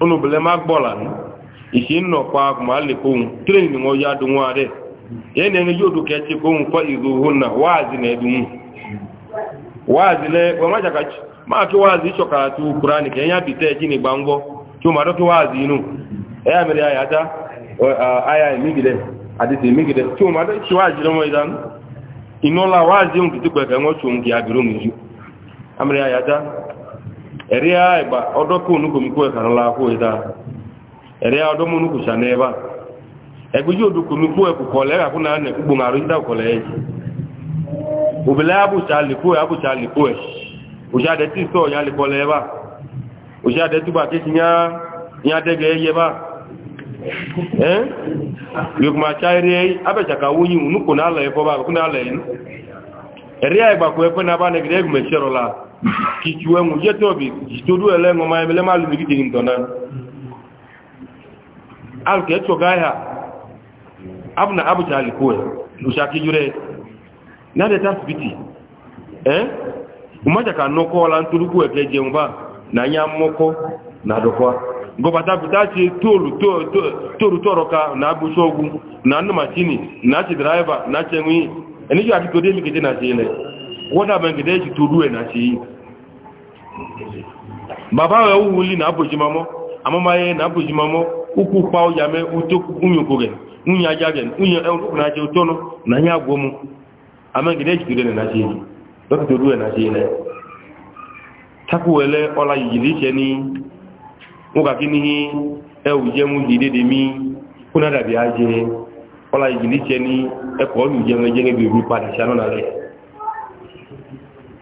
onubele ma gbɔla nu ìṣe ń nọ pa kùmà lè kóhun ni wọ́n yá dùn wọn rẹ̀ yẹn ni yóò dùn kẹ́ẹ̀tì kóhun fọ́ ìrò òhun náà wáàzì náà dùn wáàzì lẹ wọ́n má jàkà máa kí wáàzì ṣọ̀kàrà tó kúrá nìkẹ́ yẹn àbí tẹ́ ẹ̀jìn ìgbà ń gbọ́ tí ó máa dọ́kí wáàzì inú ẹ̀yà ẹ̀rí a ẹ̀gbà ọdọ́ kó onúkò mú kó ẹ̀kàrà láàkó ìdá ẹ̀rí a ọdọ́ mú onúkò sànẹ́ ẹbá ẹgbẹ́jú òdòkò mú kó ẹ̀kù kọ̀lẹ́ ẹ̀kù náà nẹ̀kú gbòmàrú ìdá kọ̀lẹ́ ẹ̀jì òbílẹ̀ àbùsà lèkó ẹ̀ àbùsà lèkó ẹ̀ òṣàdẹ kichuwe nguje tobi jitodu ele ngoma ele malu bigi dingin tona al ke to gaya abna abu jali kuwe ushaki jure na de tasbiti eh umaja ka noko la nturu kuwe ke jemba na nyamoko na dokwa goba tabuta ci tolu to to toro ka na abu na numa na ci na chenwi eni ya kitode na chile wọ́dà bẹ́ẹ̀ gẹ̀dẹ́ ti torú ẹ̀ náà ṣe yìí bàbá rẹ̀ wù lì náà bòjì mamọ́ àmọ́mọ́ ayé náà bòjì mamọ́ kúkú pa ọjà mẹ́ tó kúnyòkó rẹ̀ ńyà ajá rẹ̀ ńyà ẹ̀rọ̀kùnrin ajé tọ́nà náà yà gbọ́ mu àmọ́ gẹ̀dẹ́ ti torú ẹ̀ náà ṣe yìí lọ́kì torú ẹ̀ náà ṣe yìí lẹ́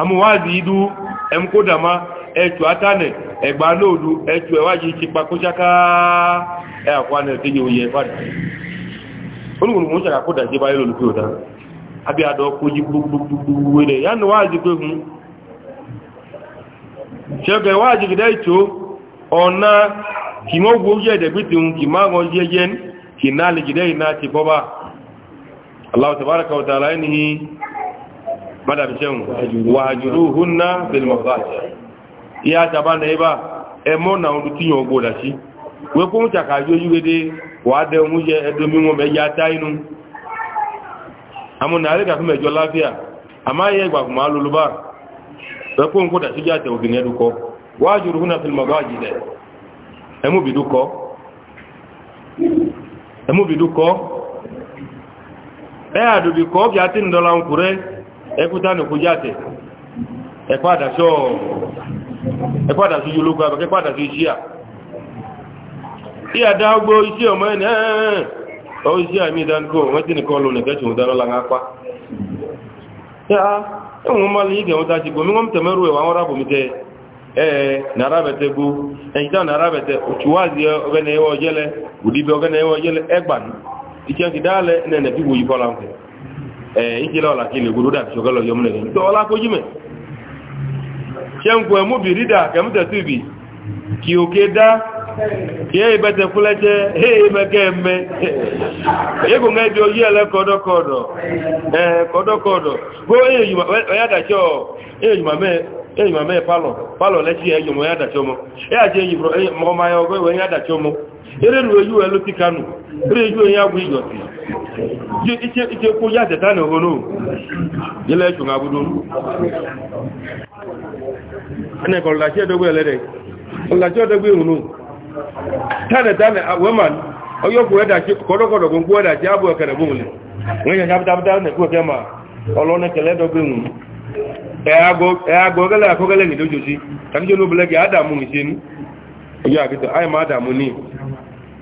amúwáàzì idú ẹmkódàmá ẹ̀tù átánẹ̀ ẹ̀gbà lóòdú ẹ̀tù ẹ̀wájì ìṣipa kó ṣáká ẹ̀àkwánẹ̀ tí yóò yẹ ẹ̀fàdì olùgbòrò mú ṣàkà kódà jẹ́ báyé lòlùfẹ́ òdá àbí àdọ́ kojú gbogbogbogbo rẹ̀ yánu wáàzì pé hun ṣẹ́gbẹ̀ wáàzì gidẹ́ ìtò ọ̀nà kì mọ́ gbogbo ẹ̀dẹ̀gbìtì hun kì máa wọn jẹ́jẹ́ lè gidẹ́ ìná ti bọ́bá aláwọ̀ tàbárakà ọ̀tà madam jẹun wàjúrú húnná bilmọ̀báṣẹ́ ìyá àtàbà na ibá ẹmọ́ na ọdún tí yàn ọgbọ̀ dàṣí wẹ́kún tàkàjú oyúwédé wà dẹ ohun jẹ ẹdọmí wọn mẹ́yà tá inú àmúnà àríkà fún mẹ́jọ láfíà àmá yẹ ìgbà kùnmọ́ alólùbá wẹ́kún kó dàṣí jáde bi a ti ẹkúta nìkú jáde ẹ̀kọ́ àdàṣọ́ ẹ̀kọ́ àdàṣọ́ yìí ológun àbẹ̀kẹ́ ẹ̀kọ́ àdàṣọ́ iṣẹ́ à tí a dá gbó iṣẹ́ ọmọ ẹ̀ náà ọwọ́ iṣẹ́ àmì ìdánkò wọ́n tí nìkan lò nìkẹ́ ṣùgbọ́n dáná lára pa ẹ̀wọ̀n máa lè gẹ̀wọ́n tá ti gbọ́ mímọ́ tẹ̀mẹ́rù ẹ̀wọ̀ àwọn rábò mi tẹ ẹ̀ẹ́ nàrà bẹ̀tẹ̀ gbó ẹ̀yìn táwọn nàrà bẹ̀tẹ̀ òtúwàzì ọgẹ́nẹ̀ẹ́wọ̀ jẹ́lẹ̀ òdìbẹ̀ ọgẹ́nẹ̀ẹ́wọ̀ jẹ́lẹ̀ ẹgbàá iṣẹ́ ti dáálẹ̀ ẹ̀nẹ̀ẹ̀nẹ̀ fi wòyí fọ́láńfẹ́ ikilola kile gududa chogalo yomne to ola ko jime chenko mu birida ke muta tibi ki okeda ke ibete kulete he magembe ego ngai bi oye le kodo kodo eh kodo kodo bo e yuma o ya da cho e yuma me e yuma me palo palo le chi e yuma ya da cho mo e a je yibro e mo ma yo go we ya da cho mo ereru eyu elu ti kanu ere eyu eya bu igoti je iche iche ko ya teta na ohono ile ju nga budu ane ko la che dogwe lede la che dogwe unu tane tane woman oyo ko eda che kodo kodo ko eda che abu ekere bunle ngenya ya bidabida ne ko kema olone kele dogwe unu e ago e ago gele akogele ni dojoji tabi jo no adamu ni sinu oyo akito adamu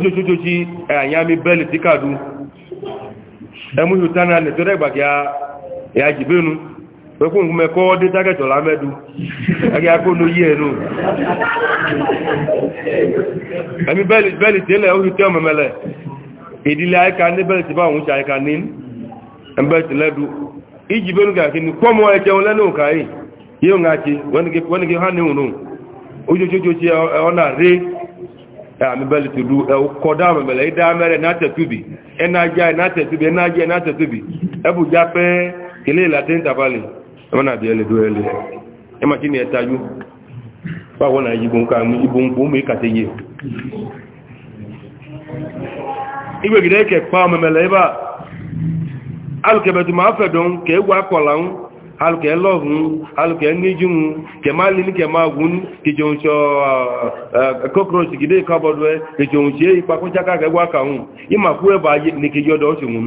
ojojojoji ẹ̀yà eh, mi bẹ́ẹ̀lì tí kàdú ẹmú ìhùtánà nìtọ́rẹ́ ìgbàgbé ya jìbẹ́nu pẹ̀kún ìhùn mẹ́kọ́ dé tágẹ̀tọ̀ lámẹ́dú ẹgbẹ́ akóno yí ẹnu ẹmí bẹ́ẹ̀lì tẹ́lẹ̀ ó hìtẹ́ ọmọmẹ́lẹ̀ ìdílé àyíká ní bẹ́ẹ̀lì tí bá ṣe àyíká ní ẹmbẹ́ẹ̀tì lẹ́dú ìjìbẹ́nu kàkí ni kọ́mọ́ ẹjẹun lẹ́nu Eh, amibali to do kɔda amɛmɛlɛ ida amɛrɛ n'atɛtubi ɛnadza n'atɛtubi ɛnadza n'atɛtubi ɛbudza pɛ kele la te ntabali ɛmɛna bi ɛlɛ do ɛlɛ ɛmati ni ɛtaju fáwọn náà yìí gbóǹkà ìbò ń ìkàtẹ́ yìí ìgbègidẹ́ kẹ̀kọ́ amẹmẹlẹ ibà alùkẹ̀bẹ̀tù máa fẹ̀dùn kẹ̀ẹ́gbà kọ̀lá alùkẹ́ lọ́gùn alùkẹ́ níjú mú kẹmá lè ní kẹmá gùn kìjọunṣọ́ cockroach gidé kábọ̀dù ẹ kìjọunṣẹ́ ipa kún jáká kẹgbà kàún ìmà kú ẹbà ní kìjọdọ̀ ọ̀ṣùn mú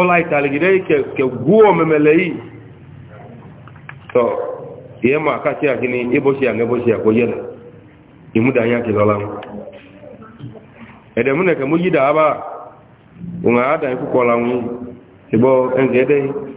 ọlá ìtàlẹ̀gidẹ́ kẹgbú ọmẹmẹlẹ yìí tọ́ ìyẹ́ máa káṣí àkíní ibóṣe àgbẹ́bóṣe àkóyẹ́nà ìmúdàáyà kìlọ́lá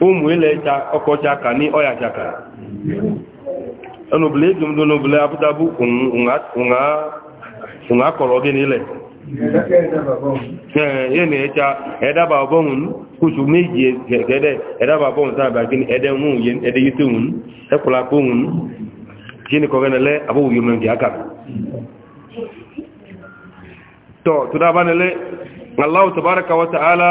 ụmụ ile ọkọcha ka ní ọya jaka ẹnubule dum dum nubule abúdábú ǹha kọ̀rọ̀ gị nílẹ̀ ẹ̀ na-echa ẹ̀dába ọbọ̀hún kùsù méjì gẹ́dẹ̀ e, e, ẹ̀dába ọbọ̀hún tàbí gịnị ẹ̀dẹ̀ gịnị na aka Tọ wata ala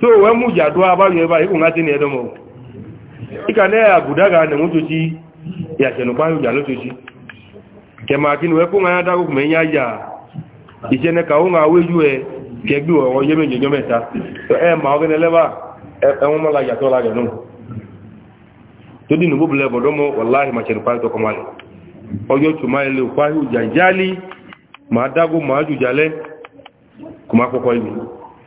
so wee mụ ji adụ agbaghị ebe a ịkwụ ngasị na edom ịka na ya agụda ga na enwechochi ya chenụkwa ya ụjalụchochi kema kini wee kwụ nwa ya dagụ ma enye aja ichene ka ụmụ awụ ejuwe ka egbi wọ onye meji onye meta e ma ọ gị na-eleba enwụmala e, ya tụla gị nụ tó dínú bó bulẹ̀ bọ̀dọ́ mọ́ wàláhì máa ṣẹ̀rùpá ìtọ́kọ máa lẹ̀ ọjọ́ tó máa ilé òpáhì òjà jálí máa dágó máa jùjálẹ́ ibi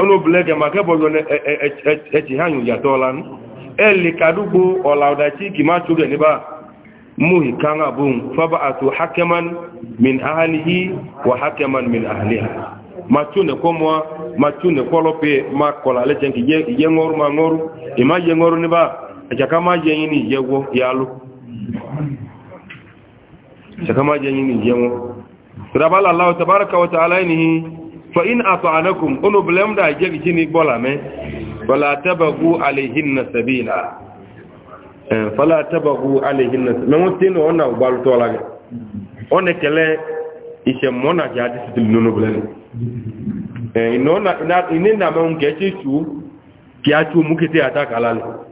onu bleke maka bogo echi ha nyuja tola eli kadugbo ola odachi kima chuge ni ba muhi kana bun faba'atu hakeman min ahlihi wa hakeman min ahliha machune komwa machune ma makola leche ngi ye ngoru ma ngoru ịma ye ngoru ni ba achaka ma ye yini yewo yalu achaka ma ye yini yewo rabala allah tabaraka wa ala ni fa in ata'anakum unu bilam da je gini bola me wala tabagu alaihin sabila eh fala tabagu alaihin me mutin ona ubalu to la one kele ise mona ja di sitil nunu bilam eh inona ina inina me un kechi chu ki achu mukete ataka lalo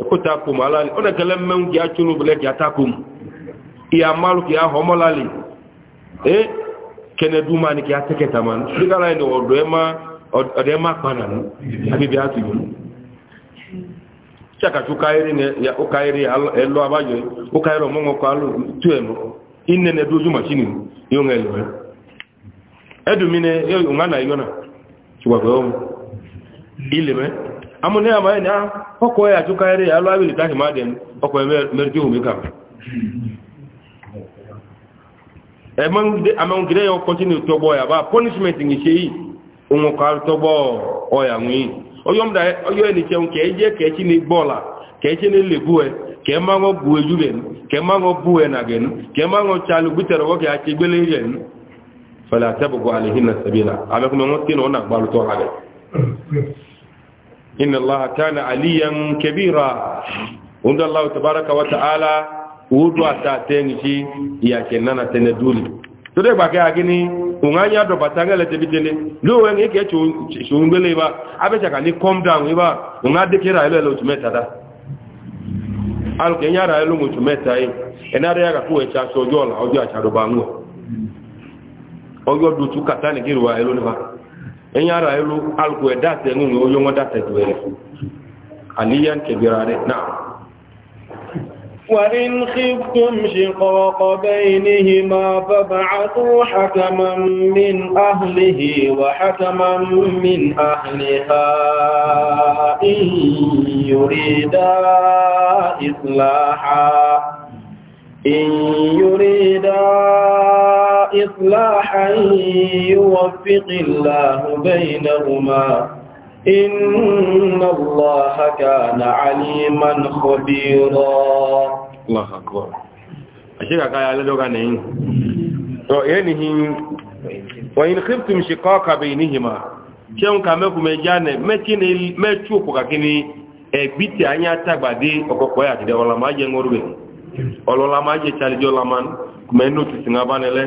ekotakum alali ọ na-ekele mmenwu gị achụrụ obele gị atakum ihe amarụ gị ahụ ọmọlali e kenedu gị ateketa man dịgara anyị na ọdịma kpana abịbịa atụghị chakachu kaịrị ya ụkaịrị elu abajọ ụkaịrị ọmụnwụ ka alụ tuenu inne na edoju machini onwe edumine na ọmụ ileme amụna ya manye na ah, a ọkọ ya achụkarịrị ya alụ ma madịn ọkọ emerite omeka amagide ya ọkọchị e na tọgbọ ya ba punishment nche iyi onwụka tọgbọ ọya nwee onye niche nke eje ka echi n'igbo ọla ka echi na-elegbue ka emanwụ bue juren ka emanwụ bue na gen ka emanwụ chalụ gbutere nwoke acha igbele iren fela tebụgwa alihi na sabila na na-agbalụta ọha inna Allah kana aliyan kabira unda Allah tabaraka wa ta'ala udu atatengi ya kenana tene duli tode gbake agini unganya do batangele tebitele lowe ngeke chu chumbele ba abecha kani calm down ba ungade kera ile lo tumeta da alu kenya ra ile lo tumeta yi enare ya kuwe cha sojola ojo acha do bangu ojo du tukata ni kirwa ile lo ba ẹ̀yìn ara ẹlú alùkù ẹ̀dá àtẹ̀nú ni ó yọ́mọ́ dátẹ̀tù ẹ̀rẹ̀ àníyàn kẹbìrà rẹ̀ náà وإن خفتم شقاق بينهما فابعثوا حكما من أهله وحكما من أهلها إن يريدا إصلاحا إن يريدا إصلاحا يوفق الله بينهما إن الله كان عليما خبيرا الله أكبر أشيك يا لدوغا نين رؤينهم وإن خفتم شقاق بينهما ṣeun ka mẹ́kùn mẹ́já nẹ̀ mẹ́tí òkú kàkíní ẹ̀gbí tí a ń yá tàgbàdé ọkọ̀kọ̀ ẹ̀ àtìdẹ̀ ọlọ́mà jẹ́ ń gọ́rùgbẹ̀ ọlọ́lọ́mà jẹ́ chalice ọlọ́mà kùmẹ́ ní abánilẹ́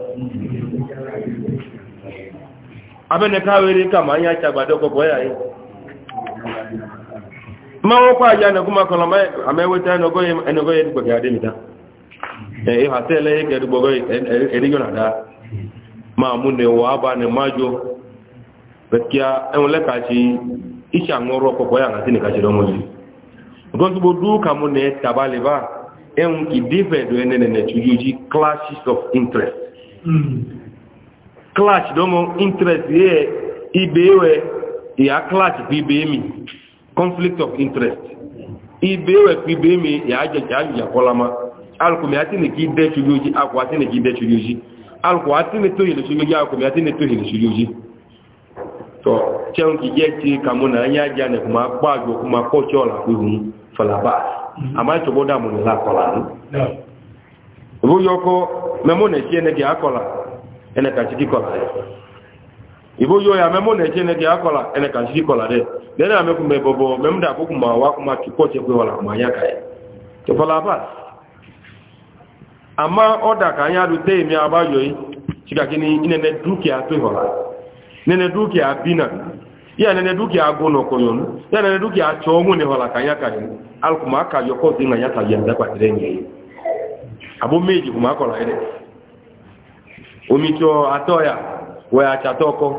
abẹ́nẹ̀ká wẹ́rẹ́ kàmà ń yá ṣàgbàdọ́gbọ̀gbọ̀ yà yìí ma wọ́n kọ́ àjá ẹnẹ̀kú ma kọ̀lọ̀ àmẹ́wẹ́ta ẹnẹgọ́yẹ dùgbọ̀gẹ̀ adémìta ìhàtẹ́lẹ́ yẹ́ kẹ́dùgbọ̀gọ́ ẹ̀rígọ́nà dáa Ma mú ní wọ́n bá ní májò pẹ̀kíá klach hmm. domo interest ye ibe ewe ya klach kwa ibe emi conflict of interest ibe ewe ibe emi ya ajeje ajụja kwọlama alụkwụm ya tine ka ide chụrụ oji akwa tine ka ide chụrụ oji alụkwụ atine tohile chụrụ oji oji tọ chewu ka ije ka mụ na anya aja na ekwuma kpa ajụ okwuma kpọchi ọla kwa ihu falaba hmm. iboyoko memo na echi ene gị ene ka chiki kọla iboyo ya memo na echi ene gị akọla ene ka chiki kọla de de na meku me bobo mem da akwụkwụ ma wa kuma kipọ chekwe wala ma anya ka ya tụfọla ba ama ọda ka anya rute emi agbayoyi chika gini inene dukia tụhọla nene dukia bina ya nene agụ n'ọkọnyọn ya nene achọ ọnwụ ne họla ka anya ka ya alụkụ ma aka ya ka nye abo méjì kò má kọ̀rọ̀ ẹ̀dẹ̀ omi tí ọ atọ́ ya wọ ya atsatọ́ kọ́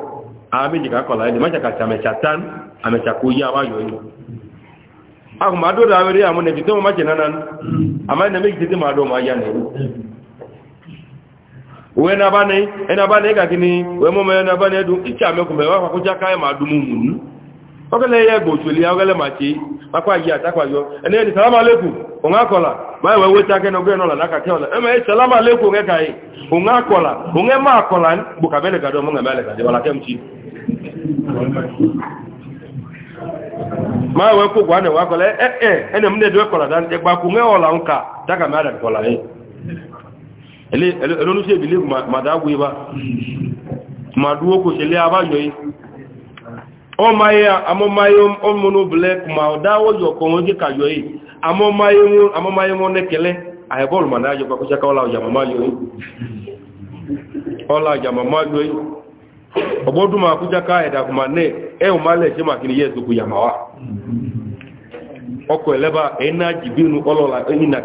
àwọn méjì ká kọ̀rọ̀ ẹ̀dẹ̀ mọ́tsaka tsi amẹtsa tán amẹtsa kò yí àwọn ayọ̀ yìí akọ̀mọ̀ adó da awẹ́rẹ́ àwọn ẹ̀fì tó wọ́n má tsẹ̀ nánà àmọ́ ẹ̀nà méjì tètè má dọ̀ má yá nà ẹ̀wọ́ ẹ̀nà bá ní ẹ̀nà bá ní ẹ̀ka akwaji atakwago ene salam aleikum onga kola ma we weta ke no gbe no la laka ke e nge kai onga kola onge ma kola bu ka bele gado mo nge bele gado wala ke mchi ma ku gwa e e ene mne kola dan gba ku nge ola nka daga ma da kola e ele ele no se believe ma da gwe ba ma duwo ko se le abajo yi amụmaye ọmụnụ blek ma dawo ọkọnwe gị ka yọọ yi amụmaye nwụ nekele ahịbọọlụ ma na-ajọ kpakọcha ka ọla ọjamama yọọ yi ọgbọdụ ma akụcha ka ahịda ma na-ewumalị eche maka ihe ya mawa ọkọ̀ ẹ̀lẹ́bà ẹ̀nà ji ọlọ́la ẹ̀yìnà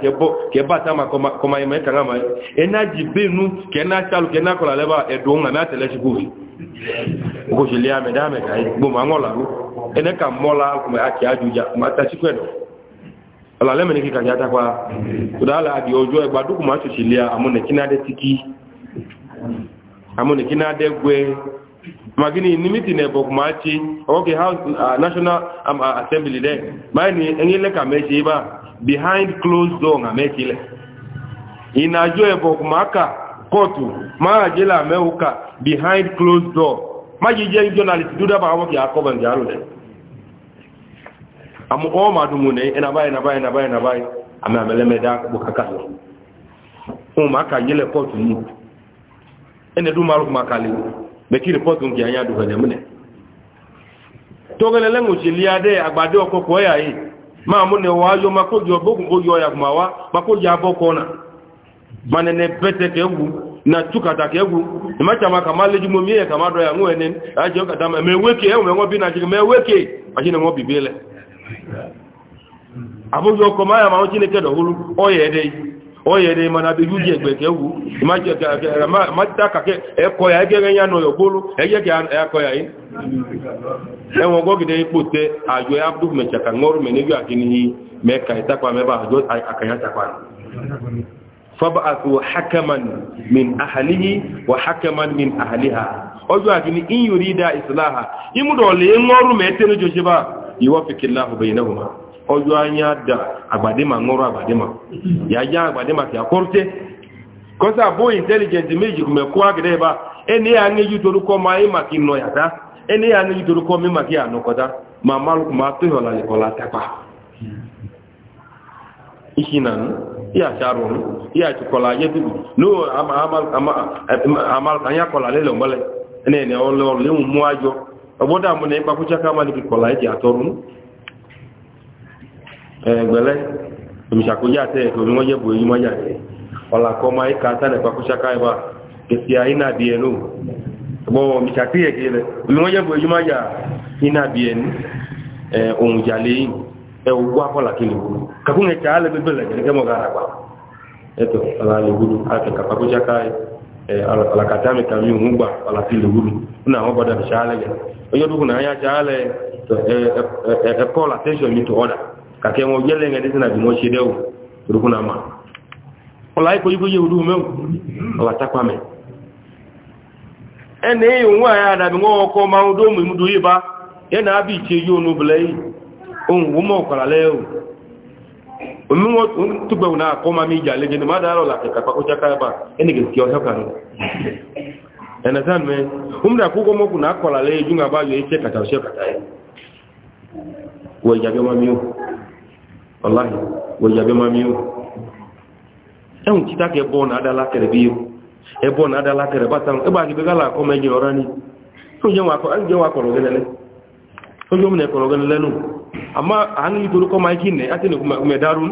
kẹbà tàmà kọmọ ẹ̀mẹ́ kàrà máa ẹ̀nà jìbínú kẹ́nà sálù kẹ́nà kọ̀lá lẹ́bà ẹ̀dùn àmì àtẹ̀lẹ́sì kúrì òkòṣèlé àmẹ́dámẹ́kà gbọmọ̀ àwọn ọ̀làrú ẹ̀nẹ́kà mọ́lá àti àjújà máa tàṣíkọ̀ ẹ̀dọ̀ ọ̀làlẹ́mẹ̀ní kíkà ní atakwa kùdàlà àdì ẹgbà magini nimiti ne bok machi okay house uh, national um, uh, assembly there mani engile ka mechi ba behind closed door nga mechi le inajo e bok maka kotu mara jela meuka behind closed door maji je journalist duda ba woki akoban jalo le amu o ma dumu ne ina bai na bai na bai na bai ama ameleme da bukaka o maka jele kotu ni ene du maru makali bẹ̀kí rìpọ́tù ń kí àyà dùgbẹ̀lẹ̀ múnẹ̀ tógẹ́lẹ̀ lẹ́nu òṣèlú adé àgbàdo ọkọ̀kọ̀ ọ̀yà yìí máa múnẹ̀ wá yọ makójọ bókùn kó yọ ọ̀yà kùmà wá makójọ abọ́ kọ́nà manẹ̀nẹ̀ bẹ́tẹ̀ kẹ́gù na tukata kẹ́gù ìmájàmá kàmá lẹ́júmọ́ mí ẹ̀ kàmá dọ̀yà ń wẹ̀ni àjọ kàdámẹ́ mẹ́wẹ́kẹ́ ẹ̀wọ̀n ẹ̀wọ̀n bí nàìjíríà mẹ́wẹ́kẹ́ àti ẹ̀wọ̀n bìbí lẹ̀ àbójọ ọkọ̀ máyà máa ń jí ní kẹ́dọ̀ húrú ọ̀yẹ̀ ẹ̀dẹ́ yìí onye ne mana abịghị uji egbe ka egwu e e e matịta ka ekọ ya egeghe ya n'ụlọ gbolu ege ka ya akọ ya enwe ọgọgide ikpote ajụ ya bụ mecha ka ṅụrụ mene gị akị n'ihi mee ka ịtakwa mebe ajụ aka ya takwa fabatu hakaman min ahalihi wa hakaman min ahaliha ọjọ́ in yurida islaha ọjọ́ anya da agbàdémà ńọrọ agbàdémà yàjá agbàdémà kìí akọ́rùtẹ́ kọ́sí àbó intelligent méjì kùmẹ̀ kó àgẹ́dẹ́ ibá ẹni yà ní yú torúkọ ma é màkì nọ yàtá ẹni yà ní yú torúkọ mi màkì ànọkọta ma márùkù ma tó ìhọ̀lá lẹ́kọ̀ọ́lá tẹ́pà ìṣìnànú ìyà sàrùn ìyà tukọ̀lá yẹ́tùkù ní àmàlùkànyàkọ̀lá lẹ́lẹ̀ ọ̀gbọ́lẹ̀ ẹni ẹni ọlọ́ọ̀lẹ́hùn mú ẹgbẹ̀lẹ́ ìmìṣàkójá tẹ́ ẹ̀kọ́ mi wọ́n yẹ bò yín mọ́jà tẹ́ ọ̀làkọ́ máa ká sálẹ̀ pàkúṣáká ẹ̀bà kẹsì àyínà bí ẹnu gbọ́wọ́ ìmìṣàkí ẹ̀kẹ́ rẹ̀ mi wọ́n yẹ bò yín mọ́jà iná bí ẹnu ohun ìjà lẹ́yìn ẹ owó akọ́là kí lè wúlò kàkún ẹ̀kẹ́ alẹ́ bẹ́bẹ̀ lẹ́gbẹ̀rẹ́ kẹ́mọ́ gara pa ẹ̀tọ́ alẹ́ wúlò àtẹ̀kà pàkúṣáká alakatami kami ẹ̀kọ́ làtẹ́ṣọ̀ mi tó ọ̀dà kake ŋo jele ŋa disina dumo rukuna ma takwa me ene yi ya da bi ŋo ko ma wudu mu mudu yi na abi che yi onu blei on wo mo kala le o omi ŋo na ko ma mi ja le ma da lo la ke ka ko chaka ba ene ke ti o he kan ene na le junga ba yo eche kata o e wo wallahi wajabe mamiyo ẹ̀hùn títà kẹ bọ́ náà dára na bí yíò ẹbọ́ náà dára kẹrẹ bá tàwọn ẹgbà àgbẹ̀gbẹ̀ gálà ọmọ ẹgbẹ̀ ọ̀rá ní tó jẹ́ wà kọ̀rọ̀gẹ́lẹ́lẹ́ tó jẹ́ òmìnà kọ̀rọ̀gẹ́lẹ́lẹ́ nù àmá àánú ìtorí kọ́ máa kí nẹ̀ àti nìkùnmẹ̀dárún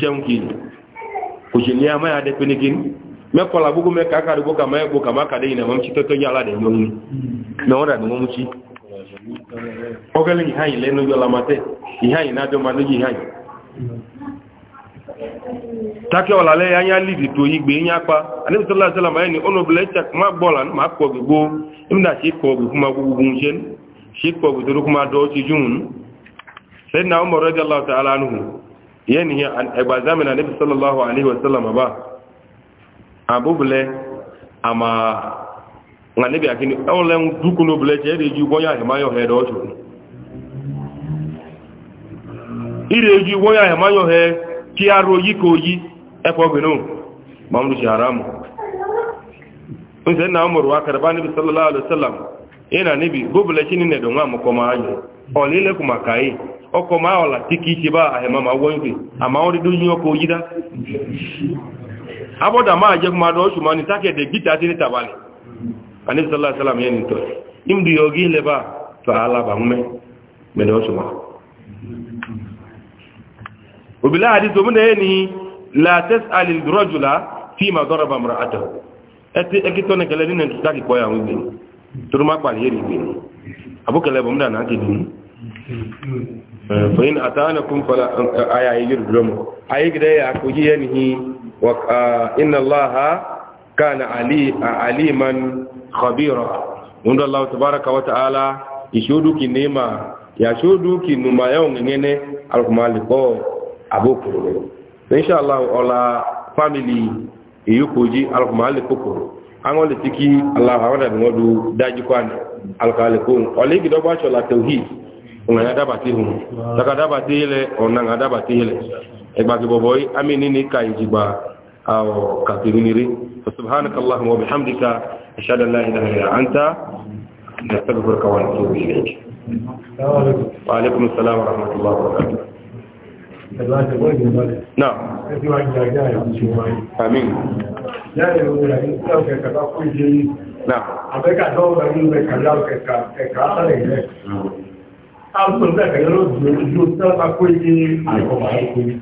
shamki kujini ama ya depe nikin me kola bugu me kaka rugo kama ego kama kada ina mamchi toto yala de nyoni na ora de mamchi ogale ni hayi leno yola mate ni hayi na do manu ni hayi take le anya lidi to nya pa sallallahu alaihi wasallam ni ono ble ma ma ko gbo imda shi ko gbo kuma gugu nchen shi ko gbo to kuma do jun umar radiyallahu ta'ala anhu yẹn ni ẹgbà zamina níbi sallallahu alaihi wasallam ba abúbulẹ àmà nga níbi àkíní ọlẹ́ ń dúkú ní obìnrin jẹ́ ìrèjú wọ́nyá àhìmáyọ̀ hẹ́ dọ́ọ̀tù ìrèjú wọ́nyá àhìmáyọ̀ hẹ́ kí a ro yí kò yí ẹ̀kọ́ gbìnú mamudu ṣe haramu ń sẹ́ na ọmọrù wa kàrẹ̀bá níbi sallallahu alaihi wasallam yẹn na níbi bóbulẹ̀ sí ní nẹ̀dọ̀ ń wà ọ máa yọ ọ̀lẹ́lẹ́kùn ọkọ̀ máa ọ̀là tí kìí ṣe bá àhẹ̀mọ́ máa wọ́n ìpè àmà wọ́n dídó yín ọkọ̀ yídá abọ́dà máa jẹ́ kó máa dọ́ oṣù máa ní tákẹ̀dẹ̀ gíta sí ní tàbálẹ̀ anísọ́lá sálàmù yẹn nìtọ́ ìmùdí ọgí ilẹ̀ bá tọ́ alábà ń mẹ́ mẹ́lẹ̀ oṣù máa òbílá àdí tó múnẹ̀ فإن أتانكم فلا آية يجرم آية كده يا أخوي إن الله كان علي عليما خبيرا عند الله تبارك وتعالى يشودك نيما يشودك نما يوم نينه alkumaliko abokoro insha Allah ola family iyukoji alkumaliko koro àwọn lè ti kí aláwọ̀ àwọn àdàbí wọn lu dájú kwani alkumaliko ọ̀lẹ́gidọ́gbàṣọ́ la tẹ̀wíì ngana dabati hun daga dabati ile ona ngana dabati ile egba ki boboy amini ni kai jiba aw katiniri subhanakallahumma wa bihamdika ashhadu an la ilaha illa anta nastaghfiruka wa natubu ilayk wa alaykum assalam wa rahmatullahi wa barakatuh na amin na abeka do ba ni be kala ke ka ke ka ale àwọn ìpínlẹ̀ kẹ̀yọ́ ló dùn lójú ó tẹ́